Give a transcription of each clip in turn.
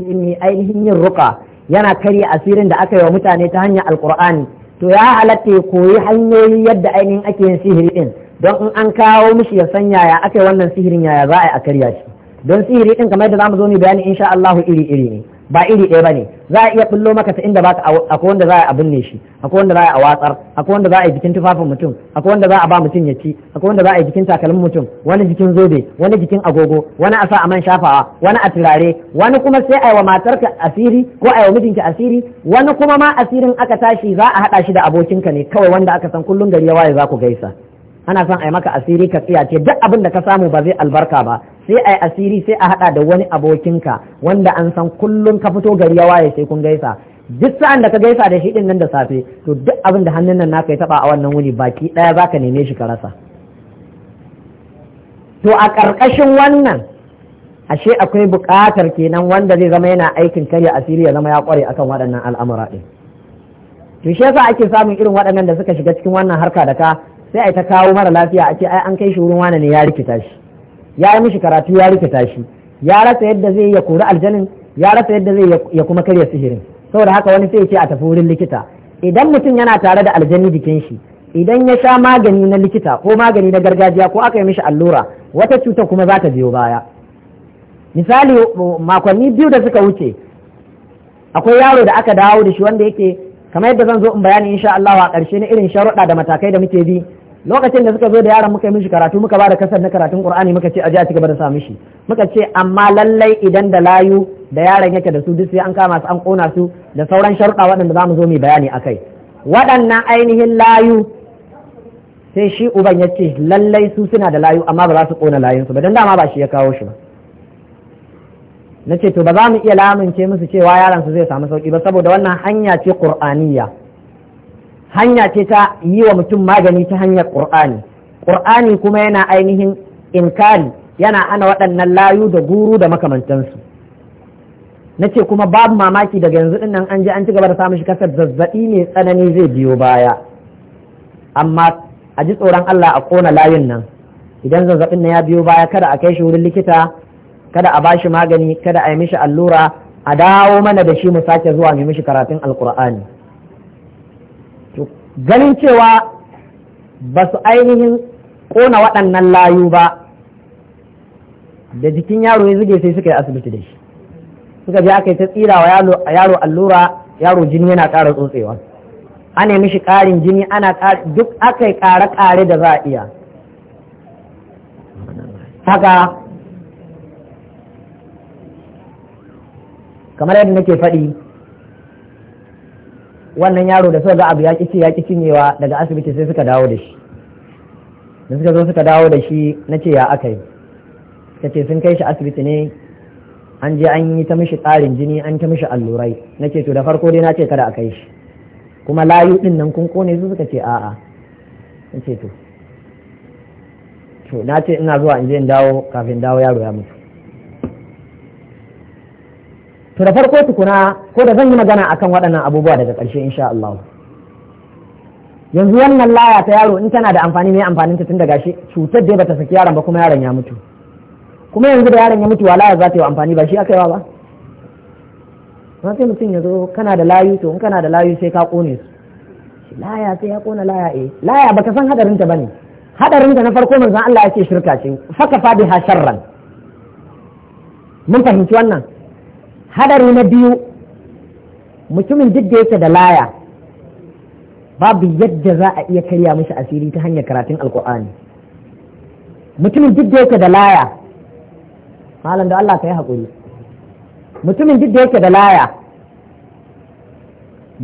ilmi ainihin yin ruka yana karya asirin da aka yi wa mutane ta hanyar alkur'ani to ya halatta ya koyi hanyoyi yadda ainihin ake yin sihiri din don in an kawo mishi ya san yaya aka yi wannan sihirin yaya za a yi a karya shi don sihiri din kamar yadda zamu zo ni bayani insha Allah iri iri ne ba iri ɗaya ba ne. za a iya ɓullo maka ta inda baka akwai wanda za a binne shi akwai wanda za a watsar akwai wanda za a yi jikin tufafin mutum akwai wanda za a ba mutum ya ci akwai wanda za a yi jikin takalmin mutum wani jikin zobe wani jikin agogo wani a sa a man shafawa wani a turare wani kuma sai a yi wa matarka asiri ko a yi wa mijinki asiri wani kuma ma asirin aka tashi za a haɗa shi da abokinka ne kawai wanda aka san kullum gari ya waye za ku gaisa ana son a yi maka asiri ka tsiyace duk abin da ka samu ba zai albarka ba sai a yi asiri sai a haɗa da wani abokinka wanda an san kullum ka fito gari ya waye sai kun gaisa duk sa'an da ka gaisa da shi din nan da safe to duk abin da hannun nan naka ya taba a wannan wuni baki daya zaka neme shi ka rasa to a ƙarƙashin wannan ashe akwai bukatar kenan wanda zai zama yana aikin karya asiri ya zama ya ƙware akan waɗannan al'amura din to shi yasa ake samun irin waɗannan da suka shiga cikin wannan harka da ka sai a ta kawo mara lafiya a ce ai an kai shi wurin wani ne ya rikita shi ya yi mishi karatu ya rikita shi ya rasa yadda zai iya kori aljanin ya rasa yadda zai ya kuma karya sihirin saboda haka wani sai ce a tafi wurin likita idan mutum yana tare da aljani jikin shi idan ya sha magani na likita ko magani na gargajiya ko aka yi mishi allura wata cuta kuma za ta biyo baya misali makonni biyu da suka wuce akwai yaro da aka dawo da shi wanda yake kamar yadda zan zo in bayani insha Allah a ƙarshe na irin sharuɗa da matakai da muke bi lokacin da suka zo da yaran muka yi mishi karatu muka bada kasar na karatun qur'ani muka ce aje a cigaba da sa mishi muka ce amma lallai idan da layu da yaran yake da su duk sai an kama su an kona su da sauran sharuɗa waɗanda za mu zo mu bayani akai waɗannan ainihin layu sai shi uban ya ce lallai su suna da layu amma ba za su kona layunsu ba don dama ba shi ya kawo shi ba na ce to ba za mu iya lamunce musu cewa yaran su zai samu sauki ba saboda wannan hanya ce qur'aniyya hanya ce ta yi wa mutum magani ta hanyar ƙur'ani ƙur'ani kuma yana ainihin inkari yana ana waɗannan layu da guru da makamantansu na ce kuma babu mamaki daga yanzu ɗin nan an ji an ci gaba da samun shi kasar zazzaɓi mai tsanani zai biyo baya amma a ji tsoron Allah a ƙona layun nan idan zazzaɓin nan ya biyo baya kada a kai shi wurin likita kada a bashi magani kada a yi mishi allura a dawo mana da shi mu sake zuwa mu mishi karatun Alƙur'ani. ganin cewa ba su ainihin ƙona waɗannan layu ba da jikin yaro ya zuge sai suka yi asibiti da shi suka je aka yi ta tsira wa yaro allura yaro jini yana ƙara tsotsewa ana yi mishi ƙarin jini ana duk aka yi ƙare-ƙare da za a iya haka kamar yadda nake faɗi wannan yaro da suka ga abu ya kici ya ki cinyewa daga asibiti sai suka dawo da shi da suka zo suka dawo da shi na ce ya aka yi ta ce sun kai shi asibiti ne an je an yi ta mishi tsarin jini an ta mishi allurai na ce to da farko dai na ce kada a kai shi kuma layu din nan kun kone su suka ce a'a na ce to na ce ina zuwa in je in dawo kafin dawo yaro ya mutu to da farko tukuna ko da zan yi magana akan waɗannan abubuwa daga ƙarshe insha Allah yanzu wannan laya ta yaro in tana da amfani mai amfanin ta tun daga shi cutar da bata saki yaron ba kuma yaron ya mutu kuma yanzu da yaron ya mutu wa laya za ta yi amfani ba shi aka yawa ba ma sai mutum ya zo kana da layu to in kana da layu sai ka kone su laya sai ya kona laya eh laya baka san hadarin ta bane hadarin ta na farko manzon Allah ya ce shirka ce faka ha sharran mun fahimci wannan hadari na biyu mutumin duk da yake da laya babu yadda za a iya karya mishi asiri ta hanyar karatun alkur'ani mutumin duk da yake da laya malam da Allah ka yi haƙuri mutumin duk da yake da laya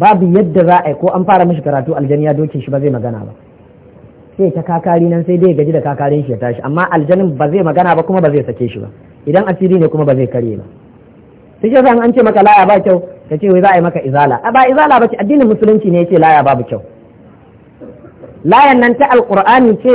babu yadda za a yi ko an fara mishi karatu aljani ya doke shi ba zai magana ba sai ta kakari nan sai dai gaji da kakarin shi ya tashi amma aljanin ba zai magana ba kuma ba zai sake shi ba idan asiri ne kuma ba zai karye ba sai ke an ce maka laya ba kyau ka ce wai za a yi maka izala a ba izala ba ce addinin musulunci ne yace laya babu kyau layan nan ta Alkur'ani ce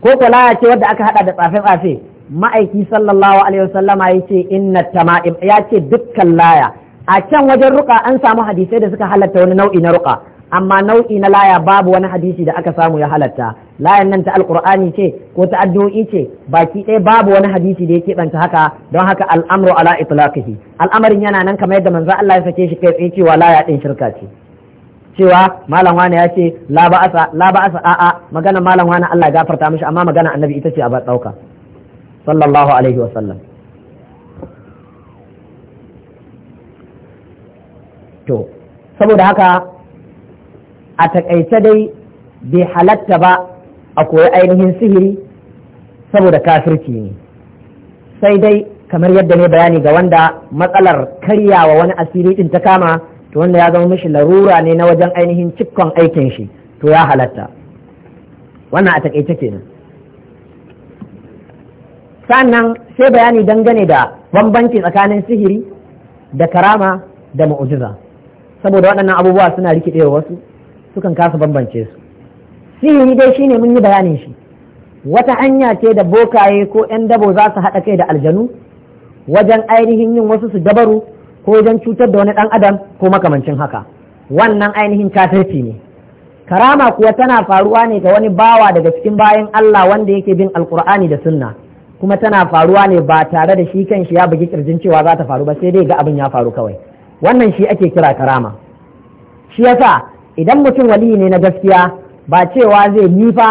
ko ko laya ce wadda aka hada da tsafe tsafe ma'aiki sallallahu alaihi wasallama yace inna tama'im ya ce dukkan laya a can wajen ruka an samu hadisai da suka halatta wani nau'i na ruka amma nau'i na laya babu wani hadisi da aka samu ya halatta layan nan ta alqur'ani ce ko ta addu'o'i ce baki ɗaya babu wani hadisi da ya keɓanta haka don haka al'amru ala itlaqihi al'amarin yana nan kamar yadda manzo Allah ya sake shi kai tsaye cewa laya din shirka ce cewa malam wani ya ce la ba'asa la ba'asa a'a magana malam wani Allah ya gafarta mishi amma magana annabi ita ce a bar dauka sallallahu alaihi wa sallam to saboda haka a takaice dai bai halatta ba a koyi ainihin sihiri saboda kafirci ne sai dai kamar yadda ne bayani ga wanda matsalar karyawa wani asiri ɗin ta kama to wanda ya zama mishi larura ne na wajen ainihin cikon aikin shi to ya halatta wannan a takaice kenan sannan sai bayani dangane da bambanci tsakanin sihiri da karama da mu'ujiza saboda waɗannan abubuwa suna rikidewa wasu sukan kasa bambance su sihiri dai shine mun yi bayanin shi wata hanya ce da bokaye ko 'yan dabo za su haɗa kai da aljanu wajen ainihin yin wasu su dabaru ko wajen cutar da wani ɗan adam ko makamancin haka wannan ainihin kafirci ne karama kuwa tana faruwa ne ga wani bawa daga cikin bayan Allah wanda yake bin alkur'ani da sunna kuma tana faruwa ne ba tare da shi kan shi ya bugi kirjin cewa za ta faru ba sai dai ga abin ya faru kawai wannan shi ake kira karama shi yasa idan mutum wali ne na gaskiya ba cewa zai fa,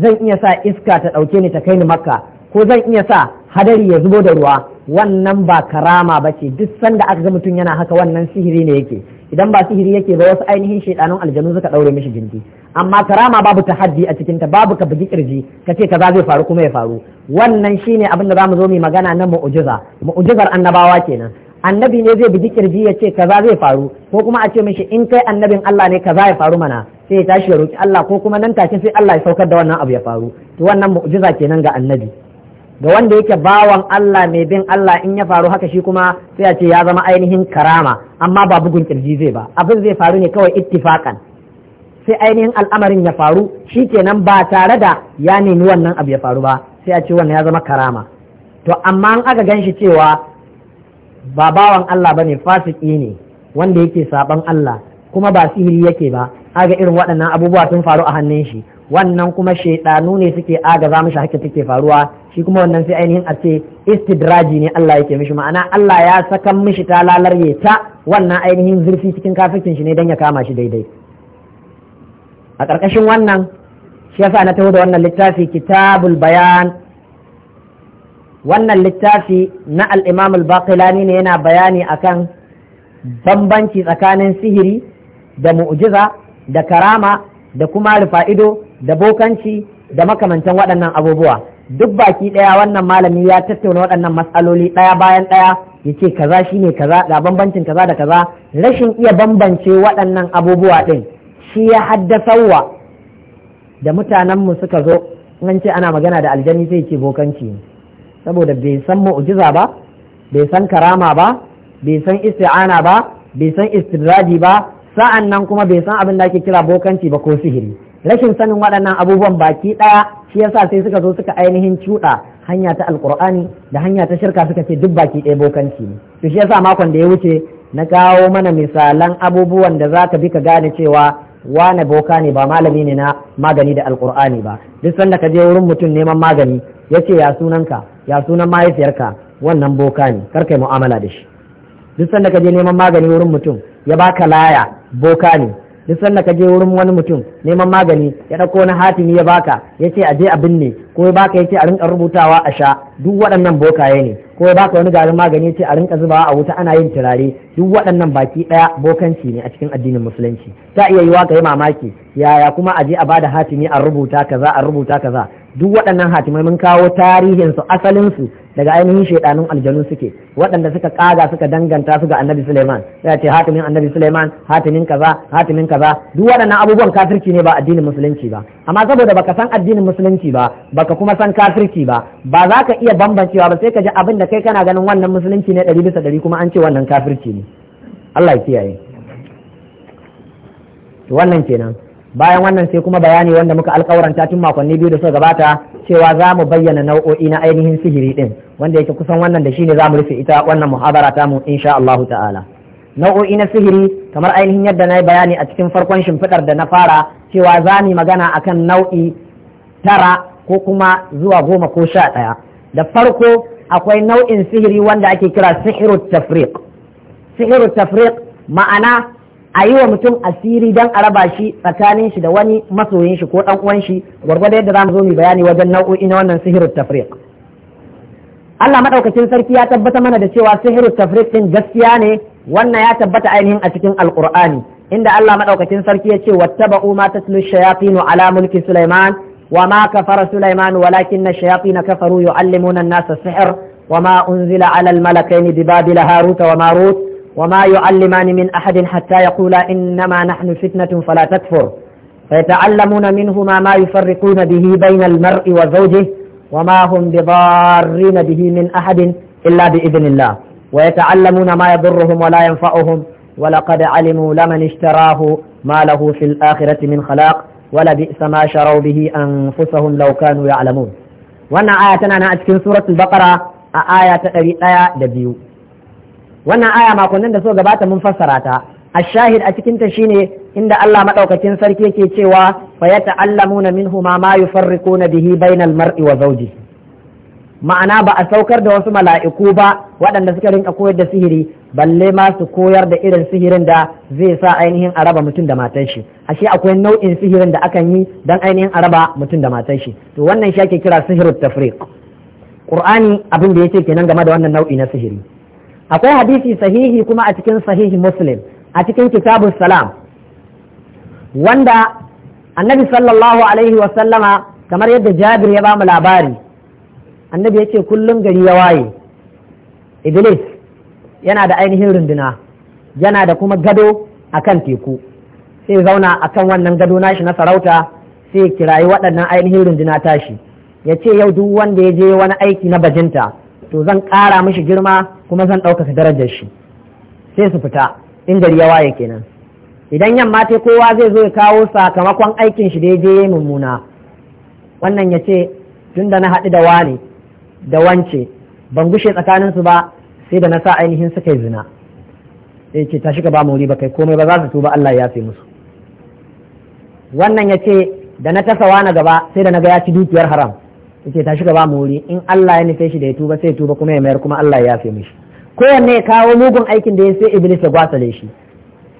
zan iya sa iska ta ɗauke ni ta kai ni makka ko zan iya sa hadari ya zubo da ruwa wannan ba karama ba ce duk sanda aka ga mutum yana haka wannan sihiri ne yake idan ba sihiri yake ba wasu ainihin shaidanun aljanu suka daure mishi gindi amma karama babu tahaddi a cikinta babu ka bugi kirji ka ce kaza zai faru kuma ya faru wannan shine abin da zamu zo mu magana na mu'jiza mu'jizar annabawa kenan annabi ne zai bugi kirji ya ce kaza zai faru ko kuma a ce mishi in kai annabin Allah ne kaza ya faru mana sai ya tashi ya roki Allah ko kuma nan take sai Allah ya saukar da wannan abu ya faru to wannan mu'jiza kenan ga annabi ga wanda yake bawan Allah mai bin Allah in ya faru haka shi kuma sai a ce ya zama ainihin karama amma ba bugun kirji zai ba abin zai faru ne kawai ittifaqan sai ainihin al'amarin ya faru shi kenan ba tare da ya nemi wannan abu ya faru ba sai a ce wannan ya zama karama to amma an aka gan shi cewa ba bawan Allah ne fasiki ne wanda yake saban Allah kuma ba sihiri yake ba aga irin waɗannan abubuwa sun faru a hannun shi wannan kuma shaidanu ne suke agaza mishi haka take faruwa shi kuma wannan sai ainihin a ce istidraji ne Allah yake mishi ma'ana Allah ya sakan mishi ta lalarye ta wannan ainihin zurfi cikin kafircin shi ne dan ya kama shi daidai a ƙarƙashin wannan shi yasa na taho da wannan littafi kitabul bayan wannan littafi na al'imam al-baqilani ne yana bayani akan bambanci tsakanin sihiri da mu'jiza da karama da kuma rufa'ido da bokanci da makamantan waɗannan abubuwa duk baki ɗaya wannan malami ya tattauna waɗannan matsaloli ɗaya bayan ɗaya ya ce kaza shi ne kaza ga bambancin kaza da kaza rashin iya bambance waɗannan abubuwa ɗin shi ya haddasarwa da mutanenmu suka zo in ce ana magana da aljani sai ce bokanci ne saboda bai san mu'jiza ba bai san karama ba bai san isti'ana ba bai san istidradi ba sa'an nan kuma bai san abin da ake kira bokanci ba ko sihiri rashin sanin waɗannan abubuwan baki ɗaya shi yasa sai suka zo suka ainihin cuɗa hanya ta alkur'ani da hanya ta shirka suka ce duk baki ɗaya bokanci ne to shi yasa makon da ya wuce na kawo mana misalan abubuwan da za ka bi ka gane cewa wane boka ne ba malami ne na magani da alkur'ani ba duk sanda ka je wurin mutum neman magani ya ce ya sunanka ya sunan mahaifiyarka wannan boka ne kar yi mu'amala da shi duk sanda ka je neman magani wurin mutum ya baka laya boka ne duk sanda ka je wurin wani mutum neman magani ya dauko na hatimi ya baka ya ce a je a binne ko ya baka ya ce a rinka rubutawa a sha duk waɗannan bokaye ne ko ya baka wani garin magani ya ce a rinka zubawa a wuta ana yin turare duk waɗannan baki ɗaya bokanci ne a cikin addinin musulunci ta iya yiwa ka yi mamaki yaya kuma a je a bada hatimi a rubuta kaza a rubuta kaza duk waɗannan hatimai mun kawo tarihin su asalin su daga ainihin shaidanun aljanu suke waɗanda suka kaga suka danganta su ga annabi Suleiman ya ce hatimin annabi Suleiman hatimin kaza hatimin kaza duk waɗannan abubuwan kafirci ne ba addinin musulunci ba amma saboda baka san addinin musulunci ba baka kuma san kafirci ba ba za ka iya bambancewa ba sai ka ji abin da kai kana ganin wannan musulunci ne ɗari bisa ɗari kuma an ce wannan kafirci ne Allah ya kiyaye wannan kenan bayan wannan sai kuma bayani wanda muka alkawaranta tun makonni biyu da suka gabata cewa za mu bayyana nau'o'i na ainihin sihiri din wanda yake kusan wannan da shine za mu rufe ita wannan muhabara ta mu insha Allah ta'ala nau'o'i na sihiri kamar ainihin yadda na yi bayani a cikin farkon shimfiɗar da na fara cewa za mu magana akan nau'i tara ko kuma zuwa goma ko sha ɗaya da farko akwai nau'in sihiri wanda ake kira sihiru tafriq sihiru tafriq ma'ana a yi wa mutum asiri don a raba shi tsakanin shi da wani masoyin shi ko dan uwan shi gwargwado yadda zamu zo mu bayani wajen nau'o'i na wannan sihirut tafriq Allah madaukakin sarki ya tabbata mana da cewa sihirut tafriq din gaskiya ne wannan ya tabbata ainihin a cikin alqur'ani inda Allah madaukakin sarki ya ce wattaba'u ma tatlu shayatin ala mulki sulaiman wa ma kafara sulaiman walakinna shayatin kafaru yu'allimuna an-nasa sihr wa ma unzila ala al-malakaini bi babila harut wa marut وما يعلمان من أحد حتى يقولا إنما نحن فتنة فلا تكفر فيتعلمون منهما ما يفرقون به بين المرء وزوجه وما هم بضارين به من أحد إلا بإذن الله ويتعلمون ما يضرهم ولا ينفعهم ولقد علموا لمن اشتراه ما له في الآخرة من خلاق ولبئس ما شروا به أنفسهم لو كانوا يعلمون وأن آياتنا انا nan سوره البقره suratul baqara a wannan aya makonnin da so gabata mun fassara ta a الشاهد أتكنت شيني عند الله مدعوك تنسر كيكي تيوا فيتعلمون منهما ما يفرقون به بين المرء وزوجه ma'ana ba a saukar da wasu mala'iku ba waɗanda suka rinka koyar da sihiri balle ma su koyar da irin sihirin da zai sa ainihin araba mutum da matan shi ashe akwai nau'in sihirin da akan yi don ainihin araba mutum da matan shi to wannan shi ake kira sihirin tafriq qur'ani abin da yake kenan game da wannan nau'i na sihiri akwai hadisi sahihi kuma a cikin sahihi muslim a cikin kitabun salam wanda annabi sallallahu alaihi wasallama kamar yadda jabir ya bamu labari annabi ya ce kullum gari ya waye iblis yana da ainihin runduna yana da kuma gado a kan teku sai zauna a kan wannan gado nashi na sarauta sai kirayi waɗannan ainihin runduna tashi ya ce yau duk wanda ya je wani aiki na bajinta to zan ƙara mishi girma kuma zan ɗaukaka darajar shi sai su fita in gari ya kenan idan yamma ta kowa zai zo ya kawo sakamakon aikin shi da ya je mummuna wannan ya ce tun da na haɗu da wane da wance ban gushe tsakaninsu ba sai da na sa ainihin suka yi zina sai ce tashi ka ba mu ba kai komai ba za su tuba Allah ya fi musu wannan ya ce da na tasa na gaba sai da na ga ya ci dukiyar haram yace ta shiga ba mu wuri in Allah ya nufe shi da ya tuba sai ya tuba kuma ya mayar kuma Allah ya yafe mishi kowanne ya kawo mugun aikin da ya sai iblis ya gwasale shi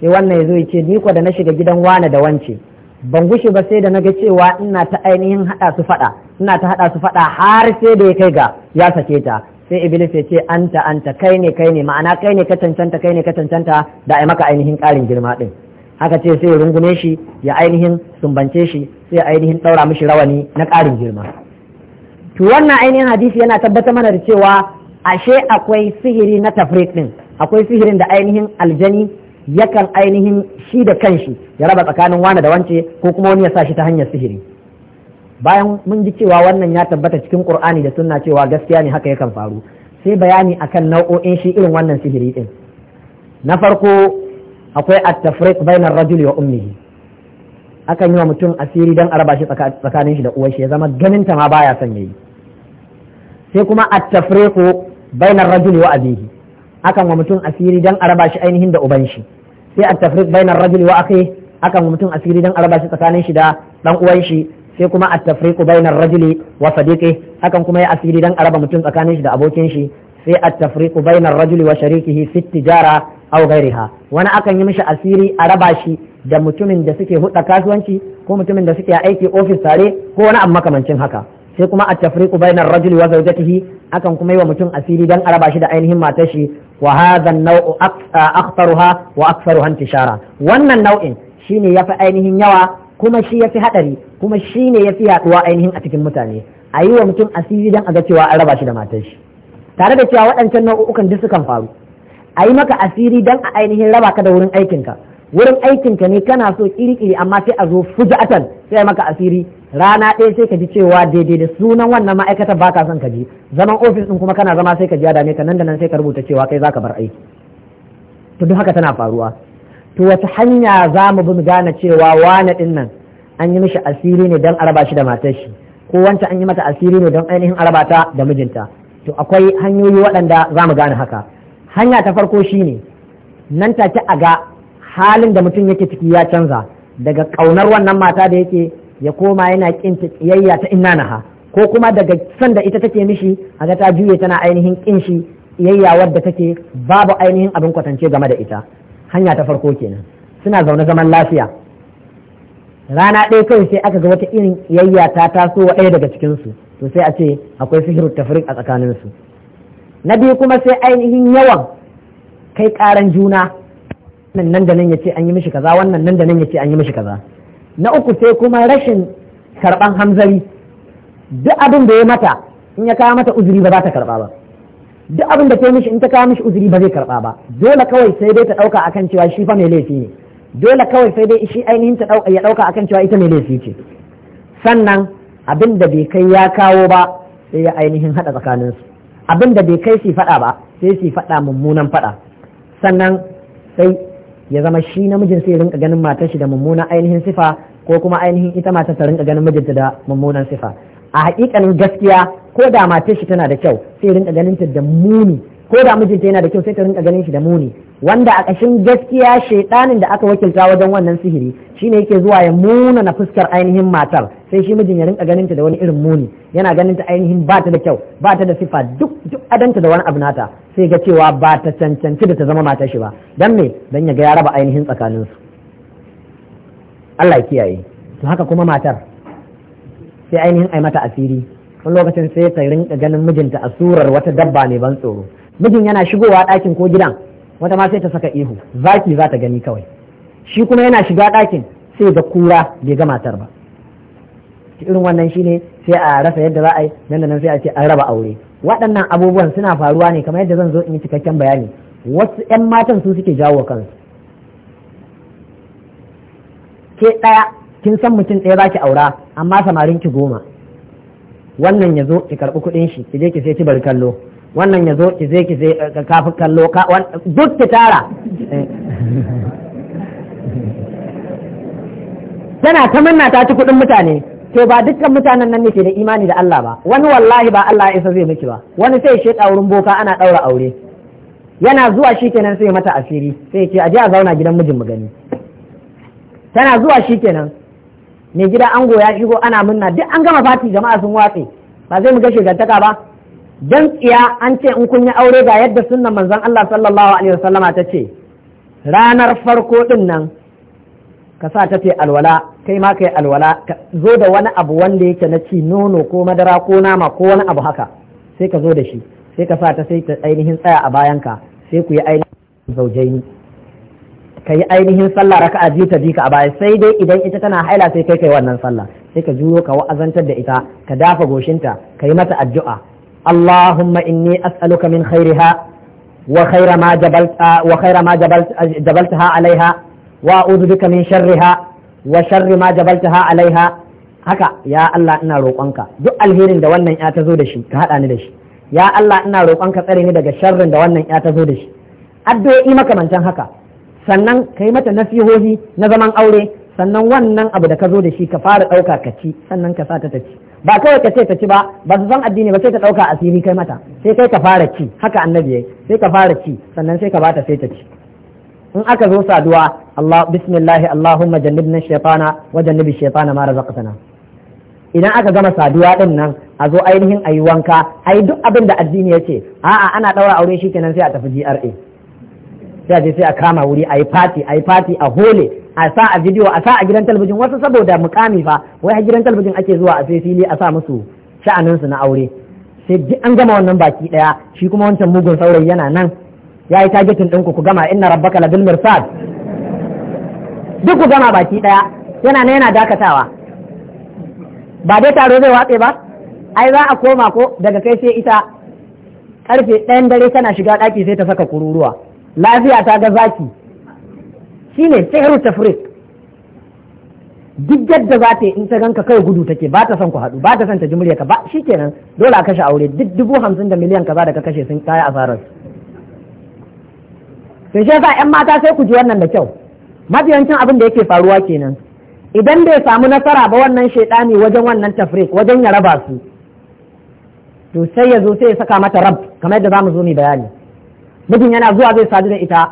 sai wannan ya zo ya ce ni kwa da na shiga gidan wane da wance ban gushe ba sai da na ga cewa ina ta ainihin hada su fada ina ta hada su fada har sai da ya kai ga ya sake ta sai iblis ya ce anta anta kai ne kai ne ma'ana kai ne ka cancanta kai ne ka cancanta da ai maka ainihin karin girma din haka ce sai ya rungume shi ya ainihin sumbance shi sai ainihin daura mishi rawani na karin girma to wannan ainihin hadisi yana tabbatar mana da cewa ashe akwai sihiri na tafrik din akwai sihirin da ainihin aljani yakan ainihin shi da kanshi ya raba tsakanin wani da wance ko kuma wani ya sa shi ta hanyar sihiri bayan mun ji cewa wannan ya tabbata cikin qur'ani da sunna cewa gaskiya ne haka yakan faru sai bayani akan nau'o'in shi irin wannan sihiri din na farko akwai at-tafriq bainar rajuli wa ummihi akan yi wa mutum asiri don araba shi tsakanin shi da uwar shi ya zama ganin ta ma baya son yayi sai kuma at-tafriqu bainar rajuli wa abihi akan wa mutum asiri don araba shi ainihin da uban shi sai at tafriqu bainar rajuli wa akhi akan wa mutum asiri don araba shi tsakanin shi da dan uwan shi sai kuma at-tafriqu bainar rajuli wa sadiqi akan kuma ya asiri don araba mutum tsakanin shi da abokin shi sai at-tafriqu bainar rajuli wa sharikihi fi tijara aw gairiha wani akan yi mishi asiri a raba shi da mutumin da suke hudda kasuwanci ko mutumin da suke aiki ofis tare ko wani abu makamancin haka sai kuma a tafriqu bainar rajuli wa zawjatihi akan kuma yi wa mutum asiri dan a raba shi da ainihin matar shi wa hadha an-naw'u aktharuha ah, wa aktharuha intishara wannan nau'in shine yafi ainihin yawa kuma shi yafi hadari kuma shine yafi yaduwa ainihin a cikin mutane a yi wa mutum asiri dan a ga cewa an raba shi da matar shi tare da cewa waɗancan nau'ukan duk sukan faru a yi maka asiri don a ainihin raba ka da wurin aikinka wurin aikinka ne kana so kiri-kiri amma sai a zo fuja'atan sai a maka asiri rana ɗaya sai ka ji cewa daidai da sunan wannan ma'aikatar baka son ka ji zaman ofis ɗin kuma kana zama sai ka ji ya dame ka nan da nan sai ka rubuta cewa kai zaka bar aiki to duk haka tana faruwa to wata hanya za mu bi mu gane cewa wane ɗin nan an yi mishi asiri ne don raba shi da matar shi ko wancan an yi mata asiri ne don ainihin araba ta da mijinta to akwai hanyoyi waɗanda za mu gane haka hanya ta farko shine nan take a ga halin da mutum yake ciki ya canza daga ƙaunar wannan mata da yake ya koma yana ƙin ta ƙiyayya ta inna naha ko kuma daga son da ita take mishi a ga ta juye tana ainihin ƙin shi ƙiyayya wadda take babu ainihin abin kwatance game da ita hanya ta farko kenan suna zaune zaman lafiya rana ɗaya kawai sai aka ga wata irin ƙiyayya ta taso wa ɗaya daga cikinsu to sai a ce akwai sihirin tafrik a tsakaninsu na biyu kuma sai ainihin yawan kai karan juna wannan nan da nan yace an yi mishi kaza wannan nan da nan yace an yi mishi kaza na uku sai kuma rashin karban hamzari duk abin da ya mata in ya kawo mata uzuri ba za ta karba ba duk abin da ta mishi in ta kawo mishi uzuri ba zai karba ba dole kawai sai dai ta dauka akan cewa shi fa mai laifi ne dole kawai sai dai shi ainihin ta dauka ya dauka akan cewa ita mai laifi ce sannan abin da bai kai ya kawo ba sai ya ainihin hada tsakaninsu abin da bai kai su faɗa ba sai su faɗa mummunan faɗa sannan sai ya zama shi namijin sai rinka ganin matar shi da mummunan ainihin sifa ko kuma ainihin ita matar ta rinka ganin mijinta da mummunan sifa a hakikanin gaskiya ko da matar shi tana da kyau sai rinka ganin ta da muni ko da mijinta yana da kyau sai ta rinka ganin shi da muni wanda a ƙashin gaskiya shaiɗanin da aka wakilta wajen wannan sihiri shine yake zuwa ya muna na fuskar ainihin matar sai shi mijin ya rinka ganin ta da wani irin muni yana ganin ta ainihin ba ta da kyau ba ta da sifa duk duk adanta da wani abu nata sai ga cewa ba ta cancanci da ta zama matar shi ba dan me dan ya ga ya raba ainihin tsakanin su Allah ya kiyaye to haka kuma matar sai ainihin ai mata asiri wani lokacin sai ta rinka ganin mijinta a surar wata dabba ne ban tsoro mijin yana shigowa ɗakin ko gidan wata ma sai ta saka ihu zaki za ta gani kawai shi kuma yana shiga ɗakin sai ga kura bai ga matar ba irin wannan shine sai a rasa yadda za a yi nan da nan sai a ce an raba aure waɗannan abubuwan suna faruwa ne kamar yadda zan zo in yi cikakken bayani wasu 'yan matan su suke jawo kansu ke ɗaya kin san mutum ɗaya za ki aura amma samarin ki goma wannan ya zo ki karɓi kuɗin shi ki je ki sai ki bari kallo wannan ya zo ki zai ki zai eh, kafi kallo duk ki tara eh. tana ta manna ta ci kuɗin mutane to ba dukkan mutanen nan nake da imani da Allah ba wani wallahi ba Allah ya isa zai miki ba wani sai shi wurin boka ana ɗaura aure yana zuwa shi kenan sai mata asiri sai ce aje a zauna gidan mijin mu gani tana zuwa shi kenan mai gida ango ya shigo ana munna duk an gama fati jama'a sun watse ba zai mu ga shigantaka ba dan tsiya an ce in kun yi aure ga yadda sunnan manzon Allah sallallahu alaihi wasallama ta ce ranar farko din nan ka sa ta ce alwala kai ma kai alwala ka zo da wani abu wanda yake na ci nono ko madara ko nama ko wani abu haka sai ka zo da shi sai ka sa ta sai ta ainihin tsaya a bayanka sai ku yi ainihin zaujaini ka yi ainihin sallah raka'a biyu ta jika a baya sai dai idan ita tana haila sai kai kai wannan sallah sai ka juyo ka wa'azantar da ita ka dafa goshinta ka yi mata addu'a اللهم إني أسألك من خيرها وخير ما جبلت وخير ما جبلت جبلتها عليها وأعوذ بك من شرها وشر ما جبلتها عليها haka ya Allah ina roƙonka duk alherin da wannan ya ta zo da ka haɗa ni da ya Allah ina roƙonka tsare ni daga sharrin da wannan ya ta zo addu'o'i makamantan haka sannan kai mata nasihohi na zaman aure sannan wannan abu da ka zo da shi ka fara ɗauka ka ci sannan ka sa ta ci ba kawai ka ce ta ci ba ba su san addini ba sai ka ɗauka asiri kai mata sai kai ka fara ci haka annabi yayi sai ka fara ci sannan sai ka bata sai ta ci in aka zo saduwa Allah bismillah Allahumma jannibna shaytana wa jannibi shaytana ma razaqtana idan aka gama saduwa din nan a zo ainihin ayi wanka ayi duk abin da addini yace a'a ana daura aure shikenan sai a tafi GRA sai a je sai a kama wuri a yi fati a yi fati a hole a sa a bidiyo a sa a gidan talabijin wasu saboda mukami fa wai a gidan talabijin ake zuwa a sai fili a sa musu sha'aninsu na aure sai an gama wannan baki daya shi kuma wancan mugun saurayi yana nan ya yi targetin ɗinku ku gama inna rabbaka bil mirsad duk ku gama baki daya yana nan yana dakatawa ba dai taro zai watse ba ai za a koma ko daga kai sai ita karfe ɗayan dare tana shiga ɗaki sai ta saka kururuwa lafiya ta ga zaki shi ne sihiru tafrik duk yadda za ta yi in ta ganka kai gudu take ba ta son ku haɗu ba ta son ta ji muryarka ba shi kenan dole a kashe aure duk dubu hamsin da miliyan kaza da ka kashe sun kaya asarar sai shi yasa yan mata sai ku ji wannan da kyau mafiyancin abin da yake faruwa kenan idan bai samu nasara ba wannan shaidani wajen wannan tafrik wajen ya raba su to sai ya zo sai ya saka mata rab kamar yadda za mu zo mu bayani mijin yana zuwa zai sadu da ita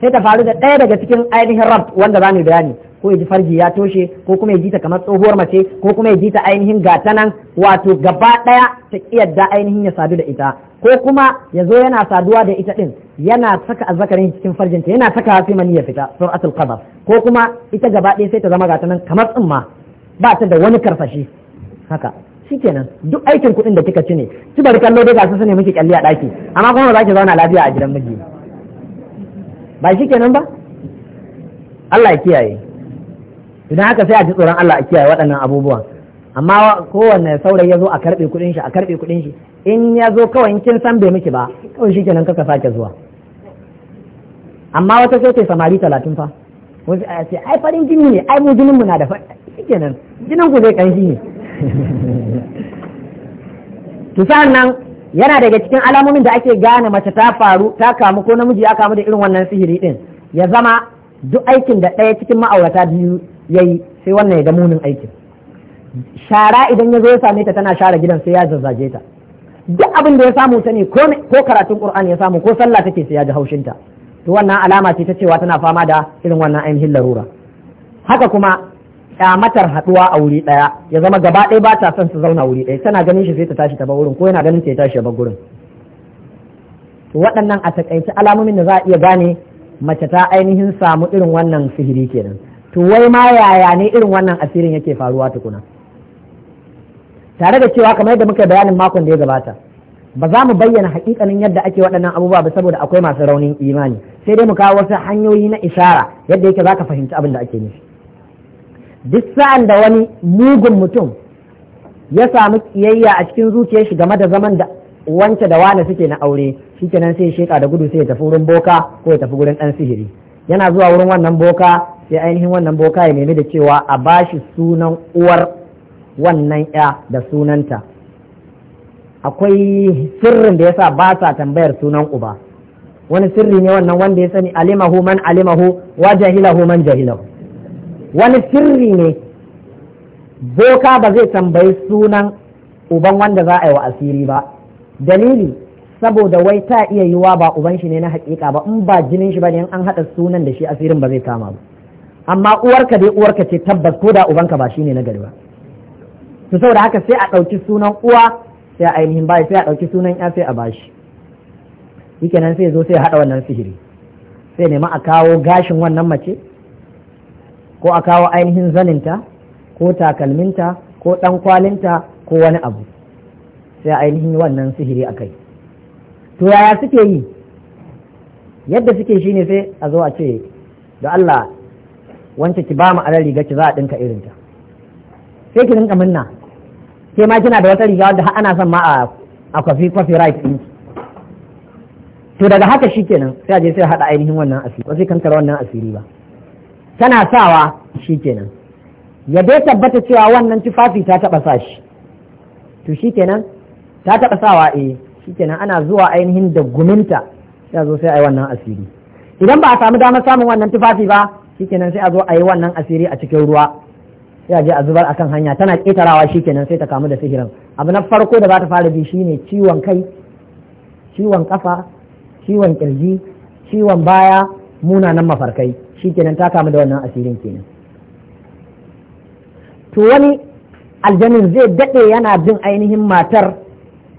sai ta faru da ɗaya daga cikin ainihin rab wanda za mu bayani ko ya ji farji ya toshe ko kuma ya ji ta kamar tsohuwar mace ko kuma ya ji ta ainihin gatanan wato gaba ɗaya ta yadda ainihin ya sadu da ita ko kuma ya zo yana saduwa da ita ɗin yana saka azzakarin cikin farjinta yana saka sai mani ya fita sun asal qadar ko kuma ita gaba ɗaya sai ta zama gata nan kamar tsumma ba ta da wani karfashi haka shikenan duk aikin kuɗin da kika ci ne ci bari kallo dai gasu ne miki kyalli a ɗaki amma kuma ba za ki zauna lafiya a gidan miji ba shikenan ba Allah ya kiyaye idan haka sai a ji tsoron Allah a kiyaye waɗannan abubuwan amma kowanne saurayi ya zo a karɓe kuɗin shi a karɓe kuɗin shi in ya zo kawai in kin san bai miki ba kawai shikenan kaka sake zuwa amma wata sai ta samari talatin fa wasu a ce ai farin jini ne ai mu jinin mu na da fa shikenan jinin ku zai kanshi ne to nan yana daga cikin alamomin da ake gane mace ta faru ta kamu ko namiji ya kamu da irin wannan sihiri din ya zama duk aikin da ɗaya cikin ma'aurata biyu yayi sai wannan ya ga munin aikin shara idan ya zo ya same ta tana share gidan sai ya zazzaje ta duk abin da ya samu ta ne ko karatun qur'ani ya samu ko sallah take sai ya ji haushinta to wannan alama ce ta cewa tana fama da irin wannan ainihin larura haka kuma kyamatar haɗuwa a wuri ɗaya ya zama gaba ɗaya ba ta son su zauna wuri ɗaya tana ganin shi sai ta tashi ta ba wurin ko yana ganin ta ya tashi ya bar gurin waɗannan a takaice alamomin da za a iya gane mace ta ainihin samu irin wannan sihiri kenan to wai ma yaya ne irin wannan asirin yake faruwa tukuna tare da cewa kamar yadda muka bayanin makon da ya gabata ba za mu bayyana hakikanin yadda ake waɗannan abubuwa ba saboda akwai masu raunin imani sai dai mu kawo wasu hanyoyi na isara yadda yake za ka fahimci abin da ake nufi duk sa'an da wani mugun mutum ya samu kiyayya a cikin zuciyar shi game da zaman da wance da wane suke na aure shi kenan sai sheka da gudu sai ya tafi wurin boka ko ya tafi wurin ɗan sihiri yana zuwa wurin wannan boka sai ainihin wannan boka ya nemi da cewa a bashi sunan uwar wannan ya da sunanta akwai sirrin da yasa ba sa tambayar sunan uba wani sirri ne wannan wanda ya sani alimahu man alimahu wa jahilahu man jahilahu wani sirri ne boka ba zai tambayi sunan uban wanda za a yi wa asiri ba dalili saboda wai ta iya yiwa ba uban shi ne na hakika ba in ba jinin shi ba ne an haɗa sunan da shi asirin ba zai kama ba amma uwarka dai uwarka ce tabbas ko da ubanka ba shi ne na gari ba to saboda haka sai a ɗauki sunan uwa sai a ainihin bayi sai a ɗauki sunan ya sai a bashi shikenan sai zo sai haɗa wannan sihiri sai nema a kawo gashin wannan mace ko a kawo ainihin zaninta ko takalminta ko ɗan kwalinta ko wani abu sai ainihin wannan sihiri a kai to yaya suke yi yadda suke shi ne sai a zo a ce da Allah wance ki ba mu alar riga ki za a irin irinta sai ki dinka minna ke ma kina da wata riga wadda ana son ma a kwafi kwafi right din. to daga haka shi sai a je sai a haɗa ainihin wannan asiri ba sai kankara wannan asiri ba tana sawa shikenan ya dai tabbata cewa wannan tufafi ta taba sa shi to shikenan ta taba sawa eh shikenan ana zuwa ainihin da guminta sai a zo sai a yi wannan asiri idan ba a samu damar samun wannan tufafi ba shikenan sai a zo a yi wannan asiri a cikin ruwa sai a je a zubar akan hanya tana ƙetarawa shikenan sai ta kamu da sihirin abu na farko da za ta fara bi shine ciwon kai ciwon kafa ciwon kirji ciwon baya munanan mafarkai shi kenan ta kamu da wannan asirin kenan to wani aljanin zai daɗe yana bin ainihin matar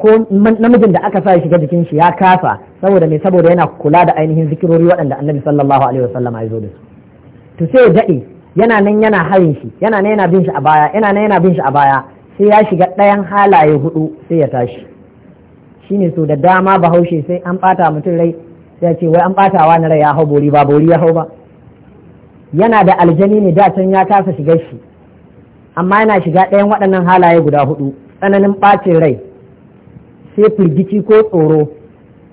ko namijin da aka sa ya shiga jikin shi ya kasa saboda mai saboda yana kula da ainihin zikirori waɗanda annabi sallallahu alaihi wasallam ya zo da su to sai ya daɗe yana nan yana harin shi yana nan yana bin shi a baya yana nan yana bin shi a baya sai ya shiga ɗayan halaye hudu sai ya tashi shine so da dama bahaushe sai an ɓata mutum rai sai ya ce wai an ɓatawa na rai ya hau bori ba bori ya hau ba yana da aljani ne da can ya kasa shiga shi amma yana shiga ɗayan waɗannan halaye guda hudu tsananin ɓacin rai sai firgici ko tsoro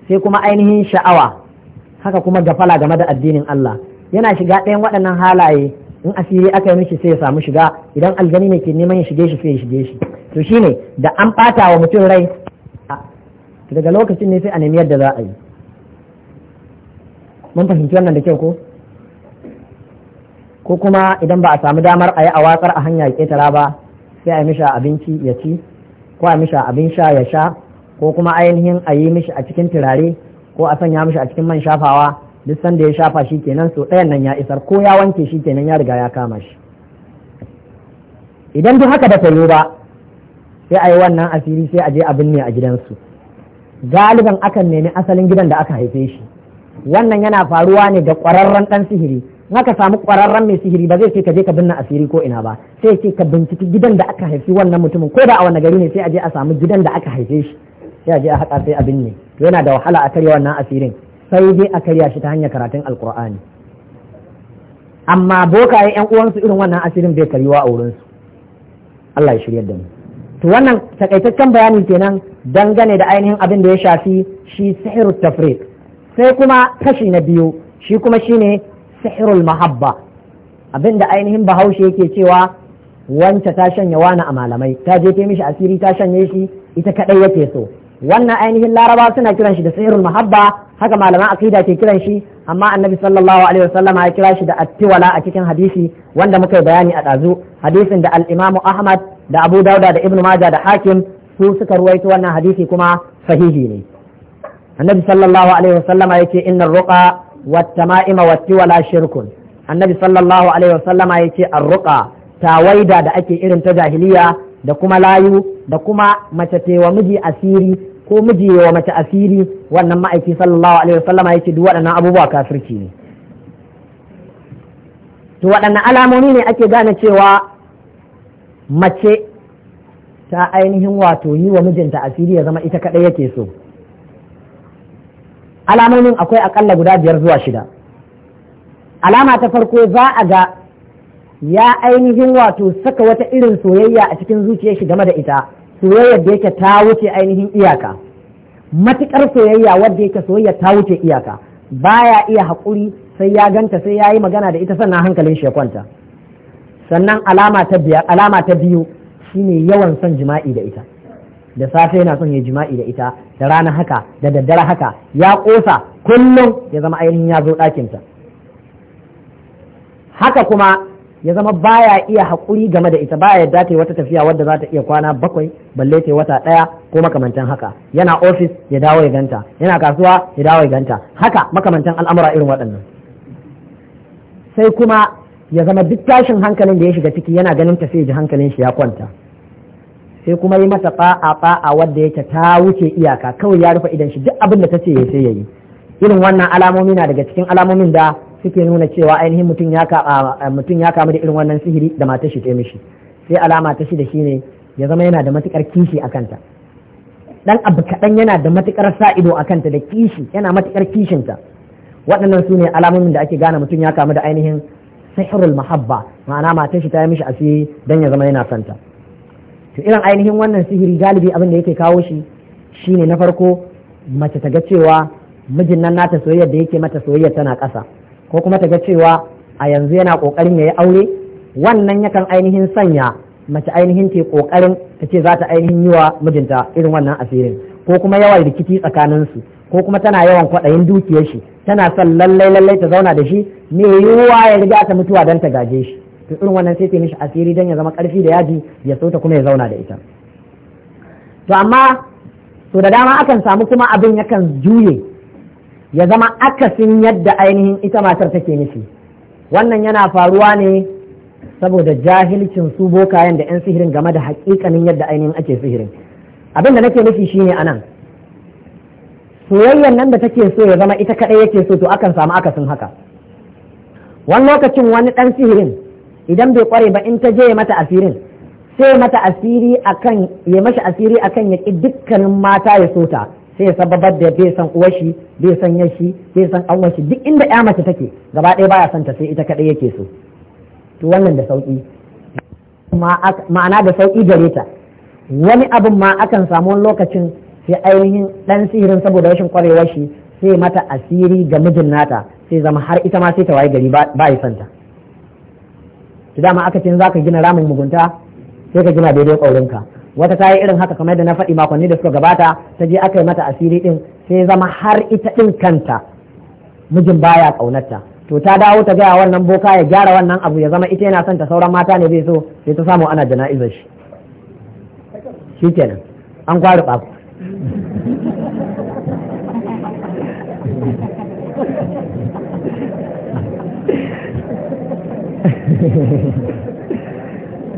sai kuma ainihin sha'awa haka kuma gafala game da addinin Allah yana shiga ɗayan waɗannan halaye in asiri aka yi mishi sai ya samu shiga idan aljani ne ke neman ya shige shi sai ya shige shi to shine da an ɓata wa mutum rai daga lokacin ne sai a nemi yadda za a yi mun fahimci wannan da kyau ko ko kuma idan ba a samu damar a yi a watsar a hanya ya ketara ba sai a yi mishi abinci ya ci ko a mishi abin sha ya sha ko kuma ainihin a yi mishi a cikin turare ko a sanya mishi a cikin man shafawa duk sanda ya shafa shi kenan so ɗayan nan ya isar ko ya wanke shi kenan ya riga ya kama shi idan duk haka da ta ba sai a yi wannan asiri sai a je abin ne a gidansu galiban akan nemi asalin gidan da aka haife shi wannan yana faruwa ne da ƙwararren ɗan sihiri naka samu kwararren mai sihiri ba zai ce ka je ka binne asiri ko ina ba sai ce ka binciki gidan da aka haifi wannan mutumin ko da a wani gari ne sai a je a samu gidan da aka haife shi sai a je a haƙa sai a binne to yana da wahala a karya wannan asirin sai dai a karya shi ta hanyar karatun alkur'ani amma ya yan uwansu irin wannan asirin bai karyuwa a wurinsu Allah ya shiryar da mu to wannan takaitaccen bayani kenan dangane da ainihin abin da ya shafi shi sihiru tafriq sai kuma kashi na biyu shi kuma shine sihirul mahabba abinda ainihin bahaushe yake cewa wance ta shanya wani a malamai ta je ta mishi asiri ta shanye shi ita kadai yake so wannan ainihin laraba suna kiran shi da sihirul mahabba haka malaman aqida ke kiran shi amma annabi sallallahu alaihi wasallama ya kira shi da attiwala a cikin hadisi wanda muka yi bayani a dazu hadisin da al-imamu ahmad da abu dauda da ibnu majah da hakim su suka ruwaito wannan hadisi kuma sahihi ne annabi sallallahu alaihi wasallama yake innar ruqa والتمائم annabi شرك النبي صلى الله عليه وسلم يتي ta tawaida da ake irin ta jahiliya da kuma layu da kuma mace tewa miji asiri ko miji wa mace asiri wannan ma'aiki sallallahu alaihi ya ce, duk waɗannan abubuwa kafirci ne to waɗannan alamomi ne ake gane cewa mace ta ainihin wato yi wa mijinta asiri ya zama ita kaɗai yake so alamomin akwai akalla guda biyar zuwa shida alama ta farko za a ga ya ainihin wato saka wata irin soyayya a cikin zuciyar shi game da ita soyayyar da yake ta wuce ainihin iyaka Matuƙar soyayya wadda yake soyayya ta wuce iyaka baya iya haƙuri sai ya ganta sai ya yi magana da ita sannan hankalin shi ya kwanta sannan alama ta biyu shine yawan son jima'i da ita da safe yana son ya jima'i da ita da rana haka da daddare haka ya kosa kullum ya zama ainihin ya zo ɗakinta haka kuma ya zama baya iya haƙuri game da ita baya yadda ta wata tafiya wadda za ta iya kwana bakwai balle ta wata ɗaya ko makamantan haka yana ofis ya dawo ya ganta yana kasuwa ya dawo ya ganta haka makamantan al'amura irin waɗannan sai kuma ya zama duk tashin hankalin da ya shiga ciki yana ganin tafiya da ji hankalin shi ya kwanta sai kuma yi mata fa'a fa'a wadda yake ta wuce iyaka kawai ya rufe idan shi duk abin da ta ce sai ya yi irin wannan alamomi na daga cikin alamomin da suke nuna cewa ainihin mutum ya mutum ya kamu da irin wannan sihiri da matar shi ta mishi sai alama ta shi da ne ya zama yana da matukar kishi a kanta dan abu kaɗan yana da matukar sa ido a kanta da kishi yana matukar kishinta waɗannan su ne alamomin da ake gane mutum ya kamu da ainihin sihirul mahabba ma'ana matar shi ta yi mishi asiri dan ya zama yana santa to irin ainihin wannan sihiri galibi abin da yake kawo shi shine na farko mace ta ga cewa mijin nan nata soyayya da yake mata soyayyar tana ƙasa ko kuma ta ga cewa a yanzu yana ƙoƙarin ya yi aure wannan yakan ainihin sanya mace ainihin ke ƙoƙarin ta ce za ta ainihin yi wa mijinta irin wannan asirin ko kuma yawan rikici tsakaninsu ko kuma tana yawan kwaɗayin dukiyar shi tana son lallai lallai ta zauna da shi me yiwuwa ya riga ta mutuwa don ta gaje shi to irin wannan sai ta mishi asiri don ya zama karfi da yaji ya sauta kuma ya zauna da ita to amma to da dama akan samu kuma abin yakan juye ya zama akasin yadda ainihin ita matar take nufi wannan yana faruwa ne saboda jahilcin su bokayen da 'yan sihirin game da hakikanin yadda ainihin ake sihirin abin da nake nufi shine a nan soyayyan nan da take so ya zama ita kaɗai yake so to akan samu akasin haka wani lokacin wani ɗan sihirin idan bai kware ba in ta je mata asirin sai mata asiri akan ya mashi asiri akan ya ki dukkanin mata ya sota sai ya sababar da bai san uwashi bai san yashi bai san anwashi duk inda ya mace take gaba ɗaya baya son ta sai ita kaɗai yake so to wannan da sauki ma'ana da sauki gare ta wani abin ma akan samu wani lokacin sai ainihin ɗan sihirin saboda rashin kwarewar shi sai mata asiri ga mijin nata sai zama har ita ma sai ta waye gari ba ya santa to dama aka ce za ka gina ramin mugunta sai ka gina daidai ƙaurinka wata ta yi irin haka kamar da na faɗi makonni da suka gabata ta je aka yi mata asiri ɗin sai zama har ita ɗin kanta mijin baya ƙaunarta to ta dawo ta gaya wannan boka ya gyara wannan abu ya zama ita yana son ta sauran mata ne bai so sai ta samu ana jana'izar shi shikenan an kwari ɓaku